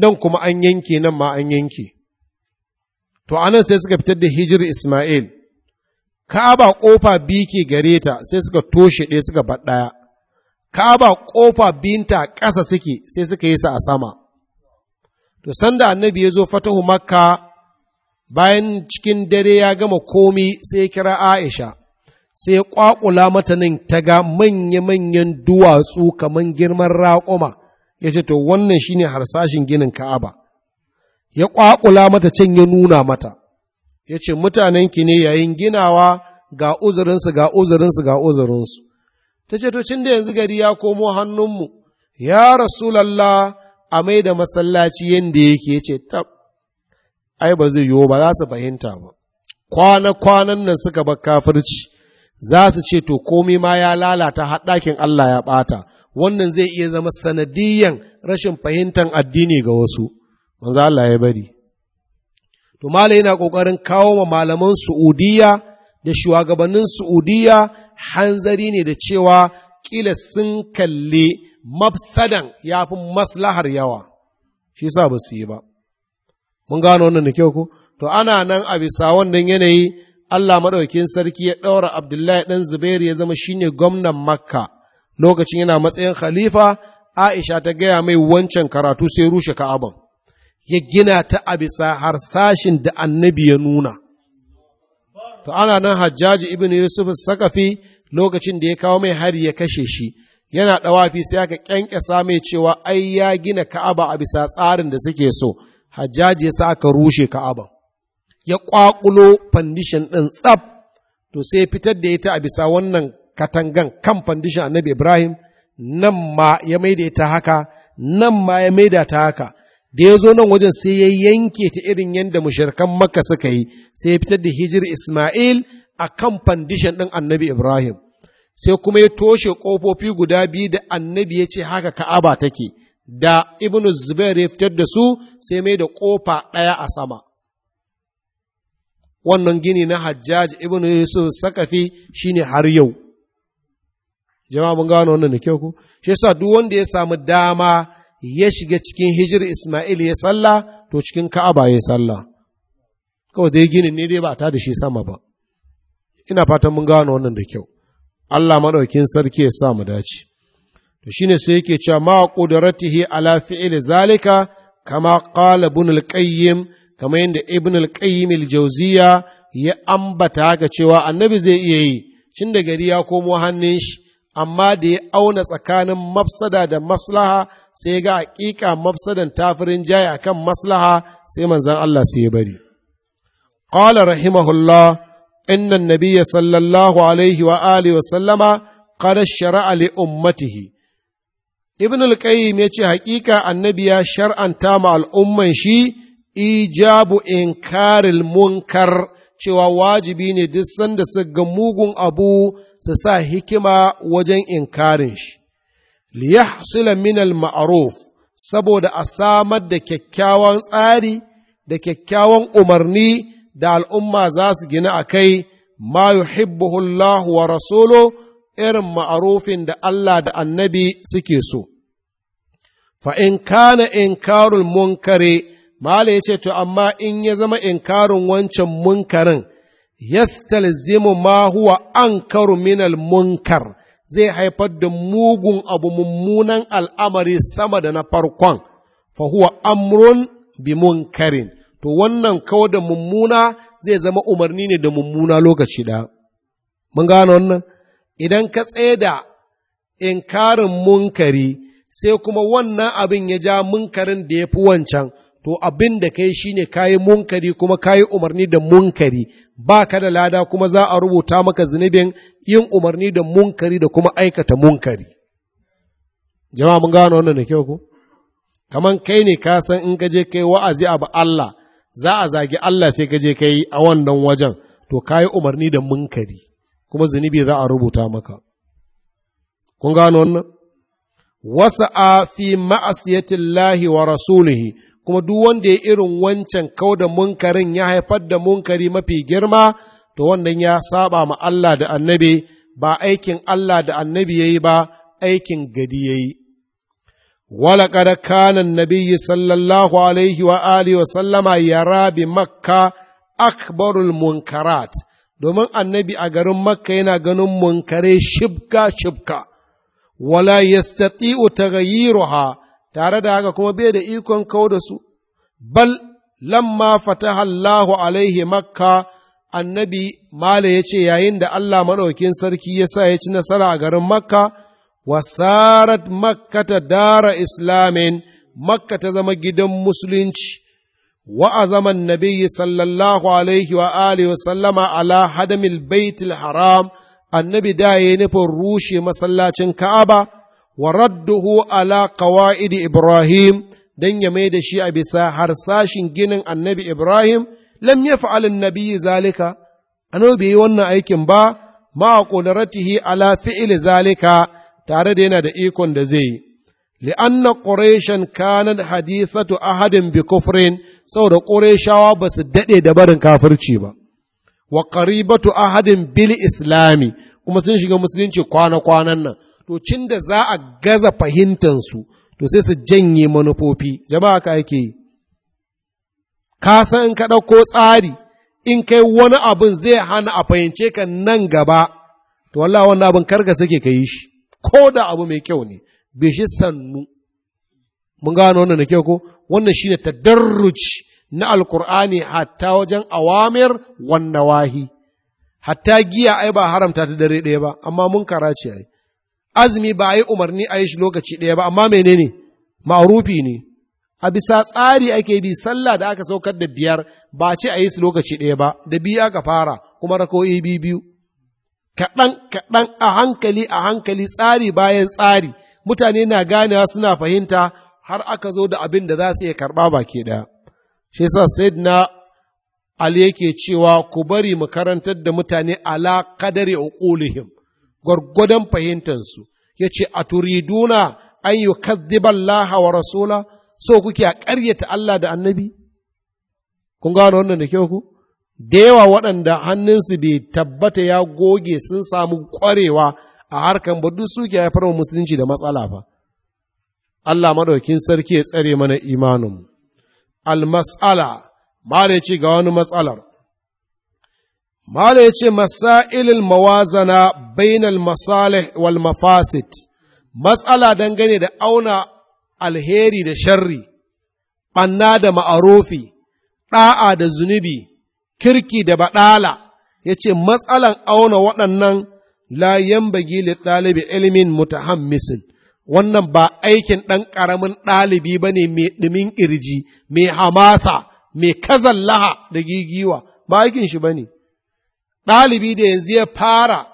nan kuma an yanke nan ma an yanke to a nan sai suka fitar da hijir ismail Ka'aba ƙofa biyu ke gare ta sai suka toshe ɗaya suka bar ɗaya. Ka'aba ƙofa binta ƙasa suke sai suka yi sa a sama. To sanda annabi ya zo fatahu makka bayan cikin dare ya gama komi sai kira Aisha sai ya kwakula mata nan ta ga manya-manyan duwatsu kamar girman raƙuma ya ce to wannan shine harsashin ginin Ka'aba. Ya ƙwaƙula mata can ya nuna mata. ya ce mutanenki ne yayin ginawa ga uzurinsu ga uzurinsu ga uzurinsu ta ce to da yanzu gari ya komo hannunmu ya rasulallah a mai da masallaci yadda yake ya ce tab ai ba zai yiwu ba za su fahimta ba kwana-kwanan nan suka bar kafirci za su ce to komi ma ya lalata haɗakin Allah ya ɓata wannan zai iya zama sanadiyan rashin fahimtar addini ga wasu Allah ya bari to malai yana ƙoƙarin kawo ma malaman Su'udiyya da shugabannin Su'udiyya hanzari ne da cewa ƙila sun kalli mafsadan ya fi maslahar yawa, shi sa ba su yi ba. Mun gano wannan da kyau ko. To, ana nan a bisa wannan yanayi, Allah maɗaukin sarki ya ɗaura Abdullahi ɗan Zubairu ya zama shine gwamnan Makka, lokacin yana matsayin khalifa, Aisha ta gaya mai wancan karatu sai rushe Ka'aban. ya gina ta a bisa harsashin da annabi ya nuna. To ana nan hajjaji ibn Yusuf sakafi lokacin da ya kawo mai hari ya kashe shi, yana ɗawafi sai aka ƙyanƙya mai cewa ai ya gina ka'aba a bisa tsarin da suke so, hajjaji ya sa aka rushe Ka'aba. Ya ƙwaƙulo fandishin ɗin tsab, to sai fitar da ita a bisa wannan katangan kan fandishin annabi Ibrahim, nan ma ya maida ta haka, nan ma ya maida ta haka, da ya zo nan wajen sai ya yanke ta irin yadda mushirkan maka suka yi sai ya fitar da hijir Ismail a kan fandishan ɗin annabi Ibrahim sai kuma ya toshe ƙofofi guda biyu da annabi ya ce haka ka'aba take da ibnu zubair ya fitar da su sai mai da ƙofa ɗaya a sama wannan gini na hajjaj ibnu yusuf sakafi shine har yau jama'a mun gano wannan da kyau ku shi yasa duk wanda ya samu dama ya shiga cikin hijir Ismail ya sallah to cikin Ka'aba ya sallah kawai dai ginin ne dai ba ta da shi sama ba ina fatan mun gano wannan da kyau Allah maɗaukin sarki ya sa mu dace to shine sai yake cewa ma qudratihi ala fi'li zalika kama qala ibn al-qayyim kama yanda ibn al-qayyim al-jawziya ya ambata ga cewa annabi zai iya yi cin da gari ya komo hannun shi amma da ya auna tsakanin mafsada da maslaha sai ga hakika mafsadan tafirin jaye akan maslaha sai manzon Allah sai ya bari qala rahimahullah inna an-nabiy sallallahu alaihi wa alihi wa sallama qad shar'a li ummatihi ibn al-qayyim yace hakika annabi ya shar'anta ma al'umman shi ijabu inkaril munkar cewa wajibi ne duk sanda su ga mugun abu su sa hikima wajen inkarin shi liyahsila minal ma'aruf saboda a samar da kyakkyawan tsari da kyakkyawan umarni da al'umma za su gina a kai ma yuhibbuhu Allah wa rasulu irin ma'arufin da Allah da annabi suke so. Fa in kana inkarul munkare, Mala ya ce, To, amma in ya zama inkarin wancan munkarin, yastalzimu ma huwa ankaru minal munkar zai haifar da mugun abu mummunan al'amari sama da na farkon, fahuwa amrun bi munkarin, to wannan kawo da mummuna zai zama umarni ne da mummuna lokaci da. Mun gano wannan? Idan ka tsaye da inkarin munkari, sai kuma wannan abin ya ja munkarin da ya fi wancan, to abin da kai shine kayi munkari kuma kayi umarni da munkari ba ka da lada kuma za a rubuta maka zunubin yin umarni da munkari da kuma aikata munkari jama'a mun gano wannan da kyau ko kaman kai ne ka san in ka je kai wa'azi abu Allah za a zagi Allah sai ka je kai a wannan wajen to kayi umarni da munkari kuma zunubi za a rubuta maka kun gano wannan wasa'a fi ma'asiyatillahi wa rasulihi kuma duk wanda ya irin wancan kau da munkarin ya haifar da munkari mafi girma to wannan ya saba ma Allah da annabi ba aikin Allah da annabi yayi ba aikin gadi yayi ولقد sallallahu alaihi wa alihi wa sallama ya Rabi makka Akbarul Munkarat, domin annabi a garin makka yana ganin munkare shibka shibka wala yastati'u taghayyiruha tare da haka kuma bai da ikon kawo da su, bal lamma fataha Allahu alaihi makka annabi Mala ya ce yayin da Allah maɗaukin sarki ya sa ya ci nasara a garin makka, wasarat makka ta dara islamin makka ta zama gidan musulunci. Sallallahu alaihi wa alihi wa sallama ala hadamil baitil haram annabi da النبي nufin rushe masallacin Ka'aba. Waradduhu radduhu ala qawaidi Ibrahim dan ya mai da shi a bisa harsashin ginin annabi Ibrahim lam yaf'al an-nabi zalika annabi bai yi wannan aikin ba ma qudratihi ala fi'l zalika tare da yana da ikon da zai yi لأن قريشا كانت حديثة أحد بكفر سورة قريشا بس دقي دبر كافر ba. wa qaribatu ahadin bil islami kuma sun shiga musulunci kwana kwanan nan to cin da za a gaza fahimtansu to sai su janye manufofi jama'a ka ake yi ka san in ka ɗauko tsari in kai wani abin zai hana a fahimce ka nan gaba to wallahi wannan abin karka suke ka yi shi ko da abu mai kyau ne bai shi sannu mun gano wannan da kyau ko wannan shine tadarruci na alkur'ani hatta wajen awamir wannan wahi hatta giya ai ba haramta ta dare ɗaya ba amma mun karaci ai azumi ba a yi umarni a yi shi lokaci ɗaya ba amma menene ma'arufi ne a bisa tsari ake bi sallah da aka saukar da biyar ba ce a yi su lokaci ɗaya ba da biyu aka fara kuma rako'i biyu biyu kaɗan kaɗan a hankali a hankali tsari bayan tsari mutane na ganewa suna fahimta har aka zo da abin da za su iya karɓa baki ɗaya shi said sayyidina ali yake cewa ku bari mu karantar da mutane ala qadari uqulihim gwargwadon fahimtansu ya ce a turiduna an yi kaddiban laha wa rasula so kuke a ƙaryata Allah da annabi kun gano wannan da kyau ku da yawa waɗanda hannunsu bai tabbata ya goge sun samu ƙwarewa a harkar ba duk suke haifar wa musulunci da matsala ba Allah maɗaukin sarki ya tsare mana imanin al-mas'ala ma da ce ga wani matsalar Mala ya ce, Masa'ilil mawazana bainal masalih wal mafasid, matsala dangane da auna alheri da sharri, ɓanna da ma'arofi, ɗa'a da zunubi, kirki da baɗala, ya ce, matsalan auna waɗannan la yambagi li ɗalibi ilimin mutahammisin, wannan ba aikin ɗan ƙaramin ɗalibi ba ne mai ɗumin ƙirji, mai hamasa, mai kazallaha da gigiwa, ba aikin shi ba ne. ɗalibi da yanzu ya fara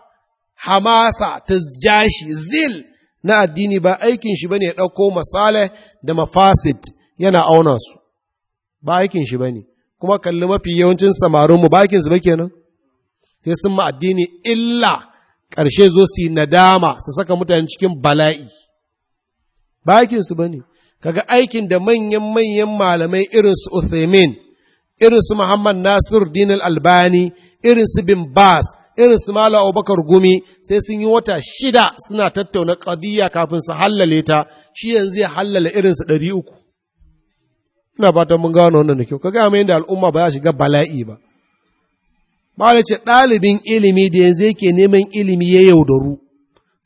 hamasa ta jashi zil na addini ba aikin shi bane ya ɗauko masale da mafasid yana auna su ba aikin shi bane kuma kalli mafi yawancin samarin mu ba aikin su ba kenan sai sun ma addini illa ƙarshe zo su nadama su saka mutane cikin bala'i ba aikin su bane kaga aikin da manyan manyan malamai irin su Uthaymin irin su Muhammad Nasir Din Albani, irin su Bin Bas, irin su Malam Abubakar Gumi sai sun yi wata shida suna tattauna ƙadiyya kafin su hallale ta, shi yanzu ya hallala irin su ɗari uku. Ina fatan mun gano wannan da kyau, ka gaya yadda al'umma ba za shiga bala'i ba. Malam ce ɗalibin ilimi da yanzu yake neman ilimi ya yaudaru,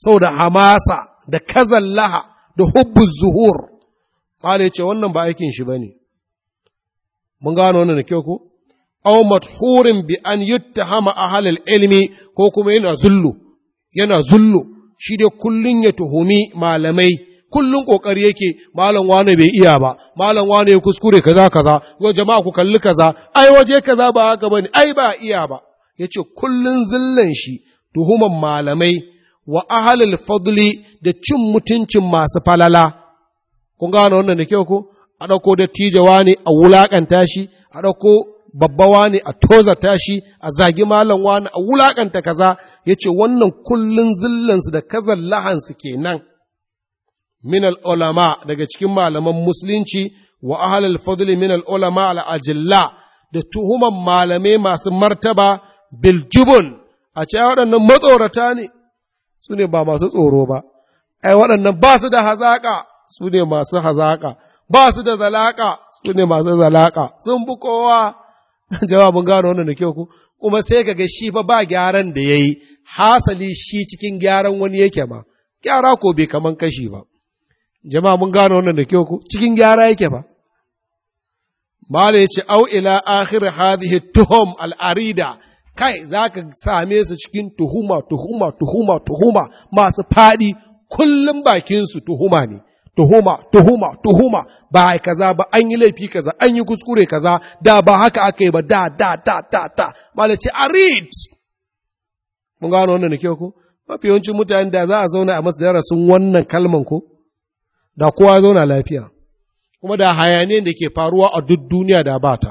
saboda hamasa da kazallaha da hubbu zuhur. Malam ce wannan ba aikin shi ba ne. mun gano wannan da kyau ko aw mathurin bi an yuttahama ahlul ilmi ko kuma yana zullu yana zullu shi dai kullun ya tuhumi malamai kullun kokari yake malam wane bai iya ba malam wane ya kuskure kaza kaza ko jama'a ku kalli kaza ai waje kaza ba haka bane ai ba iya ba yace kullun zillan shi tuhuman malamai wa ahlul fadli da cin mutuncin masu falala kun gano wannan da kyau ko a ɗauko dattijo ne a wulaƙanta shi a ɗauko babbawa ne a tozata shi a zagi malam wani a wulaƙanta kaza ya ce wannan kullun zillansu da kazan lahansu kenan min ulama daga cikin malaman musulunci wa ahlal fadli min ulama al'ajilla da tuhuman malamai masu martaba biljubun a ce waɗannan matsorata ne su ne ba masu tsoro ba ai waɗannan ba su da hazaƙa su ne masu hazaƙa ba su da zalaƙa su ne masu zalaka sun bi kowa jawabin gano wannan da kyau kuma sai ka ga shi fa ba gyaran da yayi hasali shi cikin gyaran wani yake ma gyara ko bai kaman kashi ba jama'a mun gano wannan da kyau cikin gyara yake ba mala ya ce au ila akhir hadhihi tuhum al'arida kai zaka same su cikin tuhuma tuhuma tuhuma tuhuma masu fadi kullum bakin su tuhuma ne tuhuma tuhuma tuhuma ba ai kaza ba an yi laifi kaza an yi kuskure kaza da ba haka aka yi ba da da da da da a arid mun gano wannan kyau ko mafi yawancin mutanen da za a zauna a masu darasin wannan kalman ko da kowa zauna lafiya kuma da hayaniyar da ke faruwa a duk duniya da bata,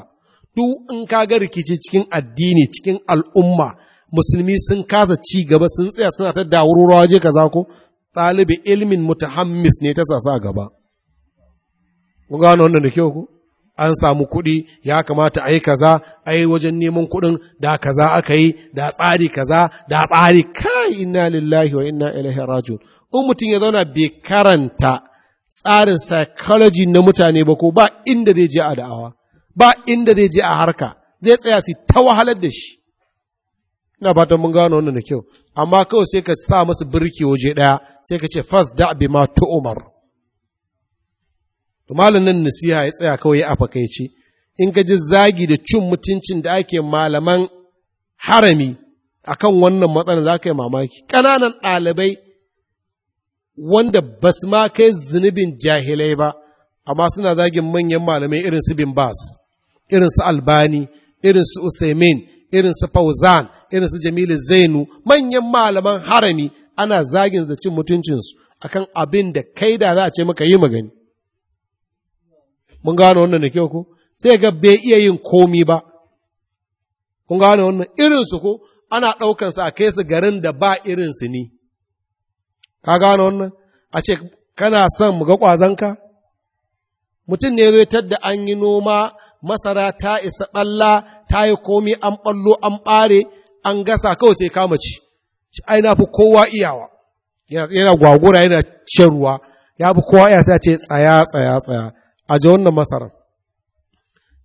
duk in ka ga rikici cikin addini cikin al'umma musulmi sun kasa ci gaba sun tsaya suna ta dawurura waje kaza ko ɗalibi ilmin mutahammis ne ta sasa gaba ku gano wannan da kyau ku an samu kuɗi ya kamata a yi kaza a yi wajen neman kuɗin da kaza aka yi da tsari kaza da tsari kai inna lillahi wa inna ilaihi rajiun in mutum ya zauna bai karanta tsarin psychology na mutane ba ko ba inda zai je a da'awa ba inda zai je a harka zai tsaya su ta wahalar da shi ina fatan mun gano wannan da kyau amma kawai sai ka sa masu birki waje ɗaya sai ka ce fas da bi ma to umar malamin nasiha ya tsaya kawai ya afakaice in ka ji zagi da cin mutuncin da ake malaman harami akan wannan matsalar za ka yi mamaki ƙananan ɗalibai wanda ba ma kai zunubin jahilai ba amma suna zagin manyan malamai irin su bin irin su albani irin su usaimin irin su Fauzan, irin su Jamilu Zainu, manyan malaman harami ana zagin da cin mutuncinsu akan abin da kai da za a ce maka yi magani. Mun gano wannan da kyau ko? Sai ga bai iya yin komi ba. Kun gano wannan irinsu ko ana ɗaukansu a kai su garin da ba irinsu ni. Ka gano wannan? A ce kana son mu ga ƙwazanka? Mutum ne zai tadda an yi noma masara ta isa ɓalla ta yi komi an ɓallo an ɓare an gasa kawai sai kama ci shi ai na fi kowa iyawa yana gwagura yana shan ruwa ya fi kowa iya sai ce tsaya tsaya tsaya a ji wannan masara,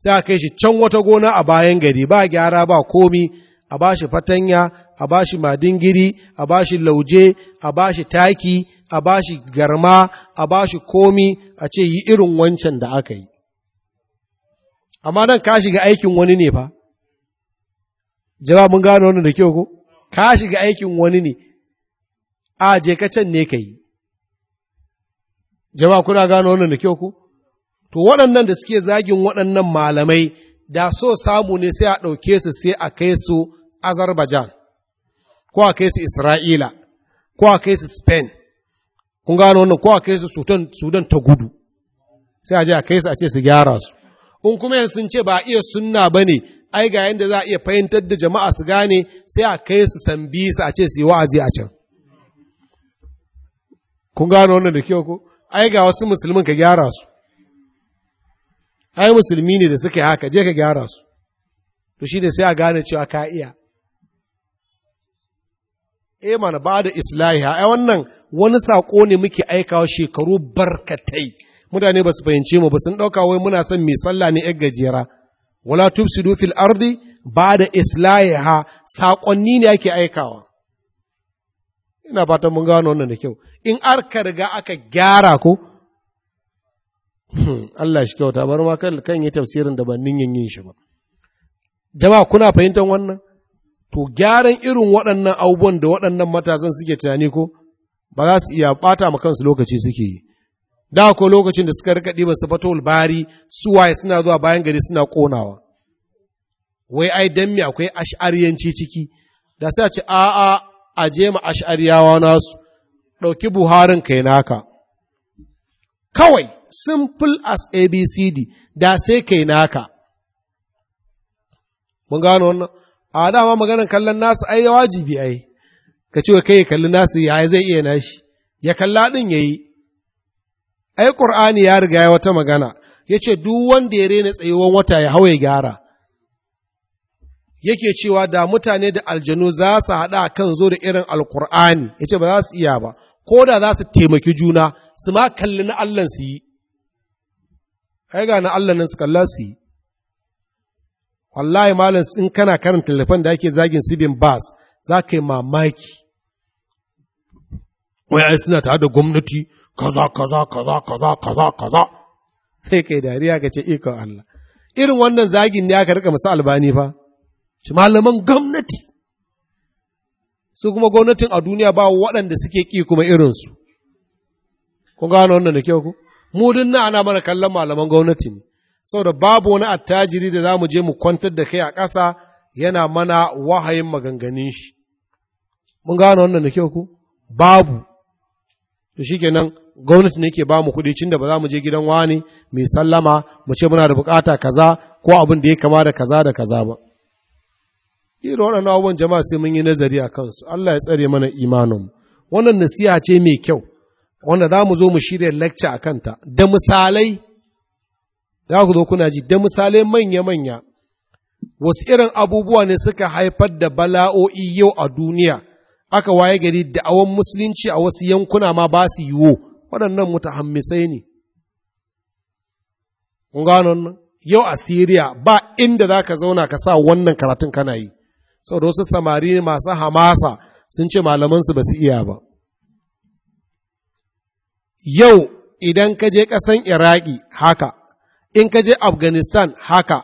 sai a kai shi can wata gona a bayan gari ba gyara ba komi a ba shi fatanya a ba shi madingiri a ba shi lauje a ba shi taki a ba shi garma a ba shi komi a ce yi irin wancan da aka yi amma nan ka shiga aikin wani ne fa jama mun gano wannan da kyau ko ka shiga aikin wani ne a je ka can ne ka yi jama kuna gano wannan da kyau ko to waɗannan da suke zagin waɗannan malamai da so samu ne sai a ɗauke su sai a kai su Azerbaijan, ko a kai su Isra'ila, ko a kai su Spain, kun gano wannan ko a kai su Sudan ta gudu, sai a je a kai su a ce su gyara su. kun kuma yanzu sun ce ba iya sunna ba ne ai ga yadda za a iya fahimtar da jama'a su gane sai a kai su san bi su a ce su yi wa'azi a can kun gano wannan da kyau ko ai ga wasu musulmin ka gyara su ai musulmi ne da suka yi haka je ka gyara su to shi ne sai a gane cewa ka iya e mana ba da islahi ai wannan wani saƙo ne muke aikawa shekaru barkatai mutane ba su fahimce mu ba sun ɗauka wai muna son mai sallah ne ‘yan gajera wala tubsidu fil ardi ba da islahiha saƙonni ne ake aikawa ina fatan mun gano wannan da kyau in arka riga aka gyara ko hmm, Allah shi kyauta bar ma kan kan yi tafsirin da ban yin yin shi ba jama'a kuna fahimtar wannan to gyaran irin waɗannan abubuwan da waɗannan matasan suke tunani ko ba za su iya ɓata ma kansu lokaci suke yi da ko lokacin da suka rika ba su fatul bari suwaye suna zuwa bayan gari suna ƙonawa wai ai dan me akwai ash'ariyanci ciki da sai a ce a'a a je ma ash'ariyawa nasu ɗauki buharin kai naka kawai simple as abcd da sai kai naka mun gano wannan a dama maganar kallon nasu ai wajibi ai ka ce kai kalli nasu ya zai iya nashi ya kalla ya yayi ai ƙur'ani ya riga ya wata magana yace duk wanda ya rena tsayuwan wata ya hawaye ya gyara yake cewa da mutane da aljanu za su haɗa kan zo da irin alƙur'ani ya ce ba za su iya ba ko da za su taimaki juna su ma kalli na Allahn su yi ai ga na Allah nan su kalla su yi wallahi malam in kana karin littafin da ake zagin sibin bas za ka mamaki wai ai suna tare da gwamnati kaza kaza kaza kaza kaza kaza sai kai dariya ka ce ikon Allah irin wannan zagin ne aka rika masu albani fa ci malaman gwamnati su kuma gwamnatin a duniya ba waɗanda suke ƙi kuma irin su? kun gano wannan da kyau ku mu din na ana mana kallon malaman gwamnati ne saboda babu wani attajiri da za mu je mu kwantar da kai a ƙasa yana mana wahayin maganganun shi mun gano wannan da kyau ku babu to shikenan gwamnati ne ke ba mu kuɗi cin da ba za mu je gidan wani mai sallama mu ce muna da bukata kaza ko abin da ya kama da kaza da kaza ba irin waɗannan abubuwan jama'a sai mun yi nazari a kansu Allah ya tsare mana imanin wannan nasiha ce mai kyau wanda za mu zo mu shirya lecture a kanta da misalai za ku zo kuna ji da misalai manya-manya wasu irin abubuwa ne suka haifar da bala'o'i yau a duniya aka waye gari da'awan musulunci a wasu yankuna ma ba su yiwo waɗannan mutahammisai ne kun yau a Siriya ba inda za ka zauna ka sa wannan karatun kana yi saboda wasu samari masu hamasa sun ce malamansu ba su iya ba yau idan ka je ƙasan iraki haka in ka je afghanistan haka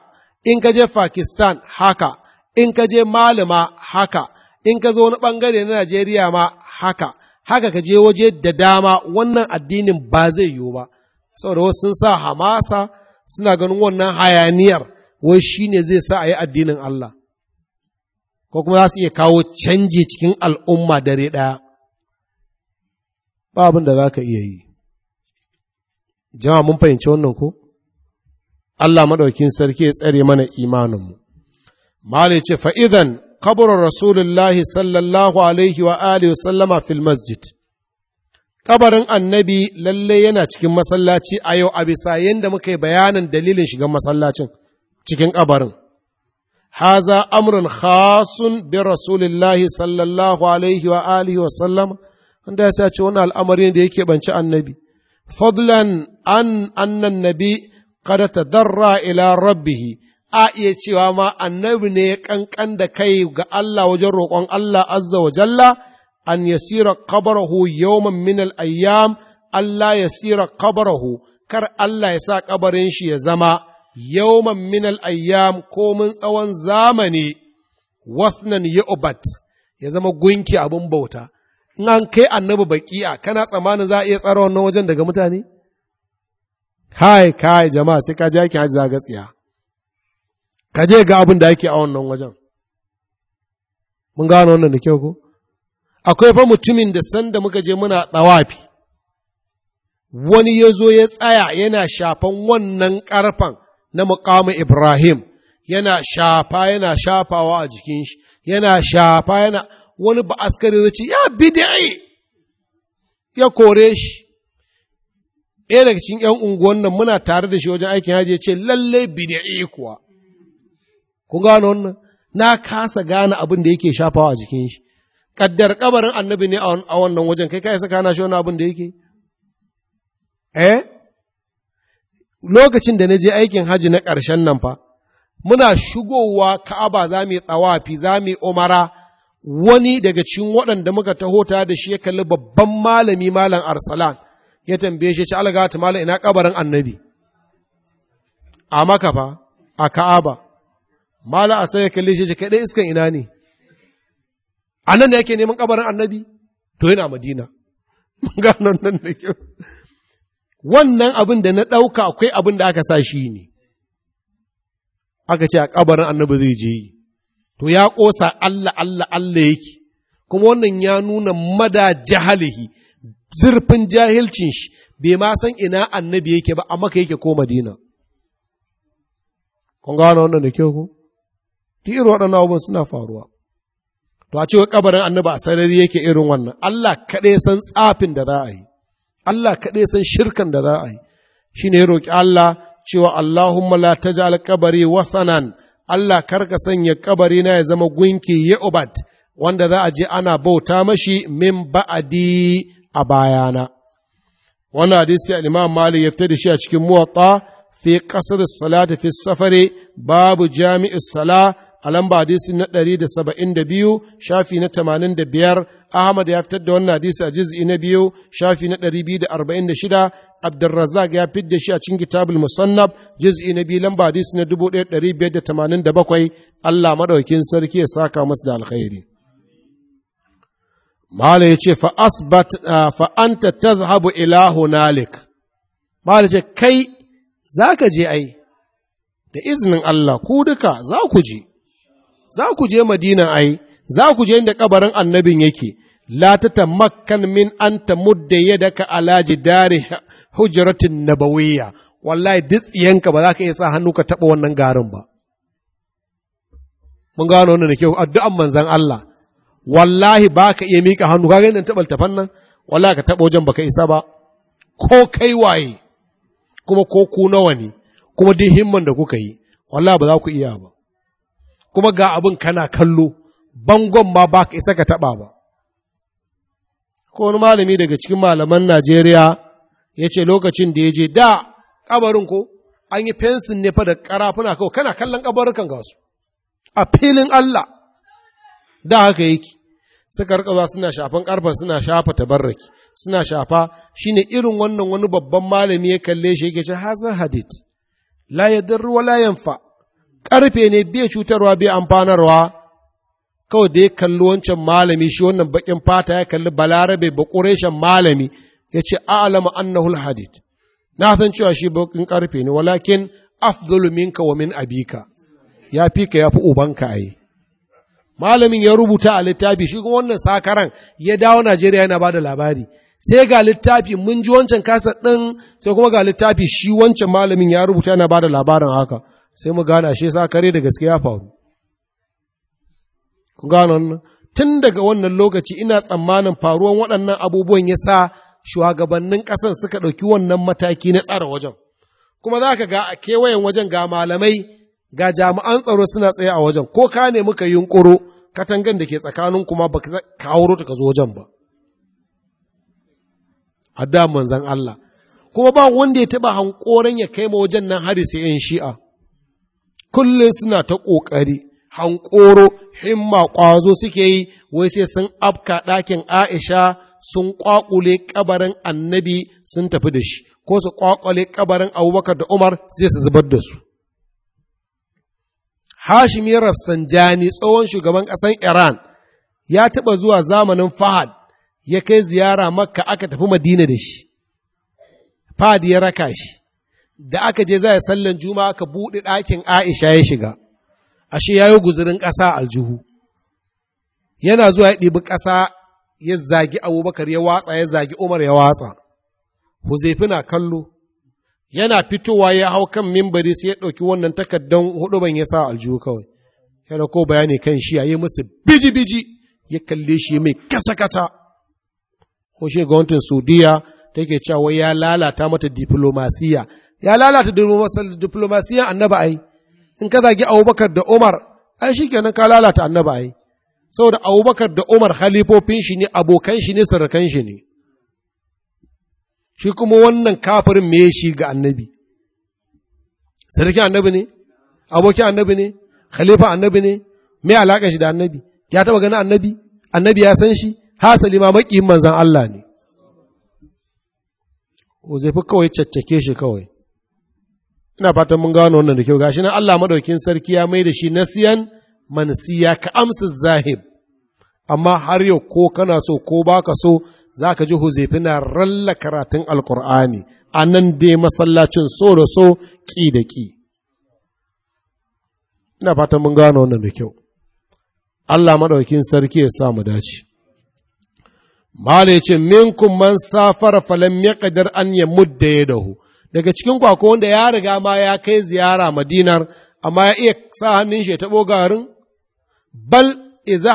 in ka je pakistan haka in ka je malama haka in ka zo wani ɓangare na Najeriya ma haka, haka ka je waje da dama wannan addinin ba zai yiwu ba, saboda wasu sun sa hamasa suna ganin wannan hayaniyar wai shi ne zai sa a yi addinin Allah, ko kuma za su iya kawo canji cikin al'umma dare ɗaya. Ba abin da za ka iya yi. Jama mun fahimci wannan ko? Allah maɗaukin sarki ya tsare mana imaninmu. Malai ce, fa'idan رسول الله sallallahu alaihi wa alihi sallama fil masjid kabarin annabi lalle yana cikin masallaci a yau a bisa yadda muka yi bayanin dalilin shigan masallacin cikin kabarin haza amrun khasun bi rasulillahi sallallahu alaihi wa alihi wa sallama wanda ya ce wani al'amari da yake banci annabi fadlan an annan nabi kada tadarra ila rabbihi a iya cewa ma annabi ne ya ƙanƙan da kai ga Allah wajen roƙon Allah azza wa jalla an yasira qabarahu yawman min al-ayyam Allah yasira qabarahu kar Allah ya sa kabarin shi ya zama yawman min al-ayyam komin tsawon zamani wasnan yu'bat ya zama gunki abin bauta in an kai annabi baki'a kana tsammanin za a iya tsara wannan wajen daga mutane kai kai jama'a sai ka ji aikin haji za ga tsiya ka je ga abin da ake a wannan wajen mun gano wannan da kyau ko akwai fa mutumin da sanda muka je muna ɗawafi wani ya zo ya tsaya yana shafan wannan ƙarfan na muƙamu Ibrahim yana shafa yana shafawa a jikin shi yana shafa yana wani ba askari zai ce ya bid'i ya kore shi ɗaya daga cikin ‘yan unguwan nan muna tare da shi wajen aikin haji ya ce lalle bid'i kuwa Kun gano wannan? Na kasa gane abin da yake shafawa a jikin shi. Kaddar kabarin annabi ne a wannan wajen, kai kai saka na shi wani abin da yake? Eh? Lokacin da na je aikin haji na ƙarshen nan fa, muna shigowa ka'aba za mu yi tsawafi, za mu yi umara, wani daga cikin waɗanda muka taho ta da shi ya kalli babban malami malam Arsalan, ya tambaye shi, ci ta malam ina kabarin annabi. A maka fa, a ka'aba. mala a sai ya kalle shi kai dai iskan ina ne a nan ne yake neman kabarin annabi to yana madina mun gano nan da kyau wannan abin da na ɗauka akwai abin da aka sa shi ne aka ce a kabarin annabi zai je yi to ya ƙosa Allah Allah Allah yake kuma wannan ya nuna mada jahalihi zurfin jahilcin shi bai ma san ina annabi yake ba amma maka yake ko madina kun gano wannan da kyau ko duk irin waɗannan abubuwan suna faruwa to a cewa kabarin annaba a sarari yake irin wannan Allah kaɗai san tsafin da za a yi Allah kaɗai san shirkan da za a yi shine ya roƙi Allah cewa Allahumma la taj'al qabari wasanan Allah karka sanya kabari na ya zama gunki ya ubat wanda za a je ana bauta mashi min ba'adi a bayana wannan hadisi al-Imam Malik ya fita da shi a cikin Muwatta fi qasr as-salati fi safari babu jami'is sala a lamba hadisi na 172 shafi na 85 Ahmad ya fitar da wannan hadisi a jiz'i na biyu shafi na 246 Abdurrazzaq ya fidda shi a cikin Kitabul Musannab jiz'i na biyu lamba hadisi na 1587 Allah madaukin sarki ya saka masa da alkhairi Mala ya ce, fa'anta ta zahabu ilahu Nalik? Mala ce, kai za ka je ai, da izinin Allah, ku duka za ku je, za ku je madina ai za ku je inda kabarin annabin yake la tatamakkan min an ta tamudda yadaka alaji dare hujratin nabawiyya wallahi duk tsiyanka ba za ka iya sa hannu ka taɓa wannan garin ba mun gano wannan da kyau addu'an manzan Allah wallahi ba ka iya miƙa hannu ka ganin taɓa tafan nan wallahi ka taɓa wajen baka isa ba ko kai waye kuma ko ku nawa ne kuma duk himman da kuka yi wallahi ba za ku iya ba kuma ga abin kana kallo bangon ma ba ka isa ka taɓa ba ko wani malami daga cikin malaman najeriya ya ce lokacin da ya je da kabarin ko an yi fensin ne fa da karafuna kawai kana kallon kabarukan ga wasu, a filin allah da haka yake suka rika za suna shafan karfa suna shafa tabarraki suna shafa shine irin wannan wani babban malami ya kalle shi yake ce hazan hadith la yadur wa la yanfa ƙarfe ne bai cutarwa bai amfanarwa kawai da ya kalli wancan malami shi wannan bakin fata ya kalli balarabe ba ƙureshen malami ya ce a'lama annahu hadid na san cewa shi bakin ƙarfe ne walakin afdalu minka wa min abika ya fi ka ya fi ubanka ai malamin ya rubuta a littafi shi kuma wannan sakaran ya dawo Najeriya yana bada labari sai ga littafi mun ji wancan kasa ɗin sai kuma ga littafi shi wancan malamin ya rubuta yana bada labarin haka sai mu gane ashe sa kare da gaske ya faru ku gano nan. tun daga wannan lokaci ina tsammanin faruwan waɗannan abubuwan ya sa shugabannin ƙasan suka ɗauki wannan mataki na tsara wajen kuma za ka ga a kewayen wajen ga malamai ga jami'an tsaro suna tsaye a wajen ko ka ne muka yi yunƙuro katangan da ke tsakanin kuma ba ka auro ta ka zo wajen ba a da manzan Allah kuma ba wanda ya taɓa hankoran ya kai ma wajen nan hari sai 'yan shi'a kullum suna ta ƙoƙari, hankoro, himma ƙwazo suke yi, wai sai sun afka ɗakin Aisha sun ƙwaƙule ƙabarin annabi sun tafi da shi, ko su ƙwaƙule ƙabarin Abubakar da Umar sai su zubar da su. Hashimi Rafsanjani tsohon shugaban ƙasar Iran ya taɓa zuwa zamanin Fahad ya kai ziyara Makka aka tafi Madina da shi. Fahad ya raka shi, da aka je za sallan Juma aka buɗe ɗakin Aisha ya shiga, ashe ya yi guzurin ƙasa aljihu. Yana zuwa ya ɗibi ƙasa ya zagi Abubakar ya watsa ya zagi Umar ya watsa. Huzaifi na kallo, yana fitowa ya hau kan mimbari sai ya ɗauki wannan takardan ban ya sa aljihu kawai. Ya ko bayani kan shi ya yi musu biji-biji ya kalle shi mai kaca-kaca. Ko shi gwamnatin Saudiya take cewa ya lalata mata diplomasiya ya lalata diplomasiyan annaba ai in ka zagi abubakar da umar ai nan ka lalata annaba ai saboda abubakar da umar halifofin shi ne abokan shi ne sarakan shi ne shi kuma wannan kafirin me shi ga annabi sarkin annabi ne abokin annabi ne khalifa annabi ne me alaƙa shi da annabi ya taɓa ganin annabi annabi ya san shi hasali ma maƙiyin manzan Allah ne ko zai fi kawai caccake shi kawai ina fatan mun gano wannan da kyau gashi nan Allah madaukin sarki ya mai da shi nasiyan mansiya ka amsa zahib amma har yau ko kana so ko baka so zaka ji huzaifi na ralla karatun alkur'ani anan nan dai masallacin so da so ƙi da ƙi ina fatan mun gano wannan da kyau Allah madaukin sarki ya sa mu dace Mala ya ce, man safara falam ya ƙadar an ya mudda ya dahu, daga cikin kwako wanda ya riga ma ya kai ziyara madinar amma ya iya sa hannun shi ya taɓo garin bal iza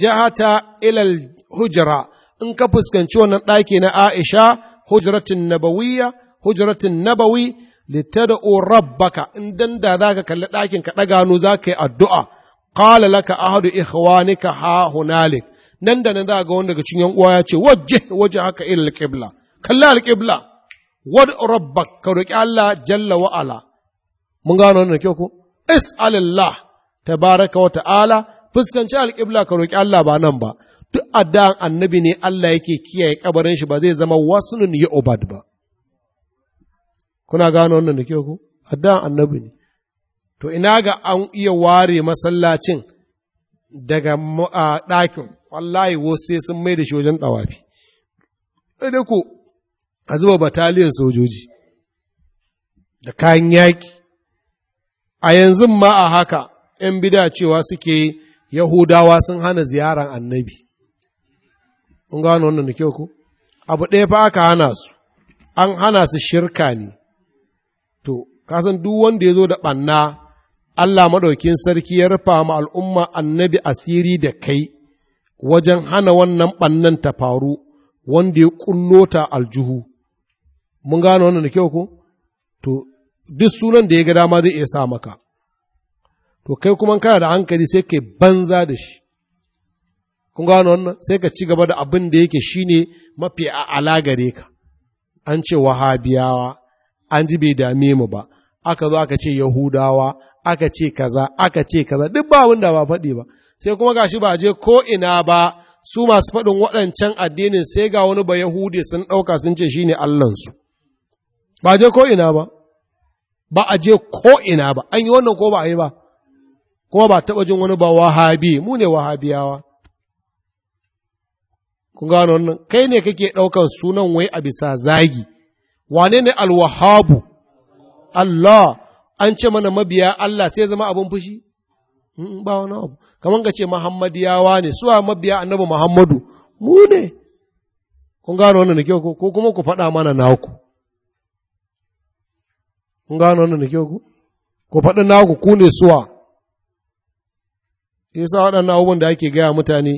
jahata ilal hujra in ka fuskanci wannan ɗaki na Aisha hujratin nabawiya hujratin nabawi litad'u rabbaka in danda da zaka kalli ɗakin ka ɗaga hannu zaka yi addu'a qala laka ahadu ikhwanika ha hunalik nan da nan za ga wanda daga cikin yan uwa ya ce waje haka ilal al-qibla kalla wad rabbak ka roki Allah jalla wa ala mun gano wannan kyau ko is'alillah tabaraka wa ta'ala fuskanci alqibla ka roki Allah ba nan ba duk addan annabi ne Allah yake kiyaye kabarin shi ba zai zama wasnun ya ubad ba kuna gano wannan da kyau ko addan annabi ne to ina ga an iya ware masallacin daga ɗakin wallahi wasu sai sun mai da shi wajen ɗawafi. Ɗai ko a zuba bataliyan sojoji da kayan yaƙi a yanzu ma a haka ‘yan bida cewa suke yahudawa sun hana ziyarar annabi mun gano wannan da kyau ku abu ɗaya fa aka hana su an hana su shirka ne to kasan duk wanda ya zo da ɓanna Allah maɗaukin sarki ya rufa ma al'umma annabi asiri da kai wajen hana wannan ɓannan ta faru wanda ya ƙullota ta aljuhu, mun gano wannan da kyau ko to duk sunan da ya ga dama zai iya sa maka to kai kuma kana da hankali sai kai banza da shi kun gano wannan sai ka ci gaba da abin da yake shine mafi a alagare ka an ce wahabiyawa an ji bai dame mu ba aka zo aka ce yahudawa aka ce kaza aka ce kaza duk ba abin da ba faɗi ba sai kuma gashi ba je ko ina ba su masu faɗin waɗancan addinin sai ga wani ba yahudi sun ɗauka sun ce shine allansu ba je ko ina ba ba a je ko ina ba an yi wannan ko ba a yi ba kuma ba taɓa jin wani ba wahabi mu ne wahabiyawa kun gano wannan kai ne kake ɗaukar sunan wai a bisa zagi wane ne alwahabu Allah an ce mana mabiya Allah sai zama abin fushi ba wani abu kamar ka ce muhammadiyawa ne suwa mabiya annabi muhammadu mu ne kun gano wannan ko kuma ku faɗa mana naku kun gano wannan da kyau ku ku faɗi naku ku ne suwa yasa waɗannan abubuwan da ake gaya mutane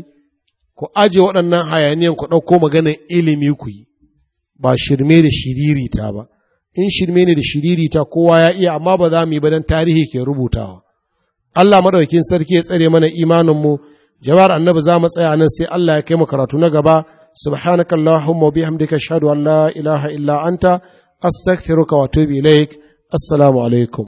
ku aje waɗannan hayaniyan ku ɗauko maganar ilimi ku yi ba shirme da shiririta ba in shirme ne da shiririta kowa ya iya amma ba za mu yi ba dan tarihi ke rubutawa Allah madaukakin sarki ya tsare mana imanin mu jama'ar annabi za mu tsaya nan sai Allah ya kai mu karatu na gaba subhanakallahumma wa bihamdika ashhadu an la ilaha illa anta astaghfiruka wa atubu ilaik assalamu alaikum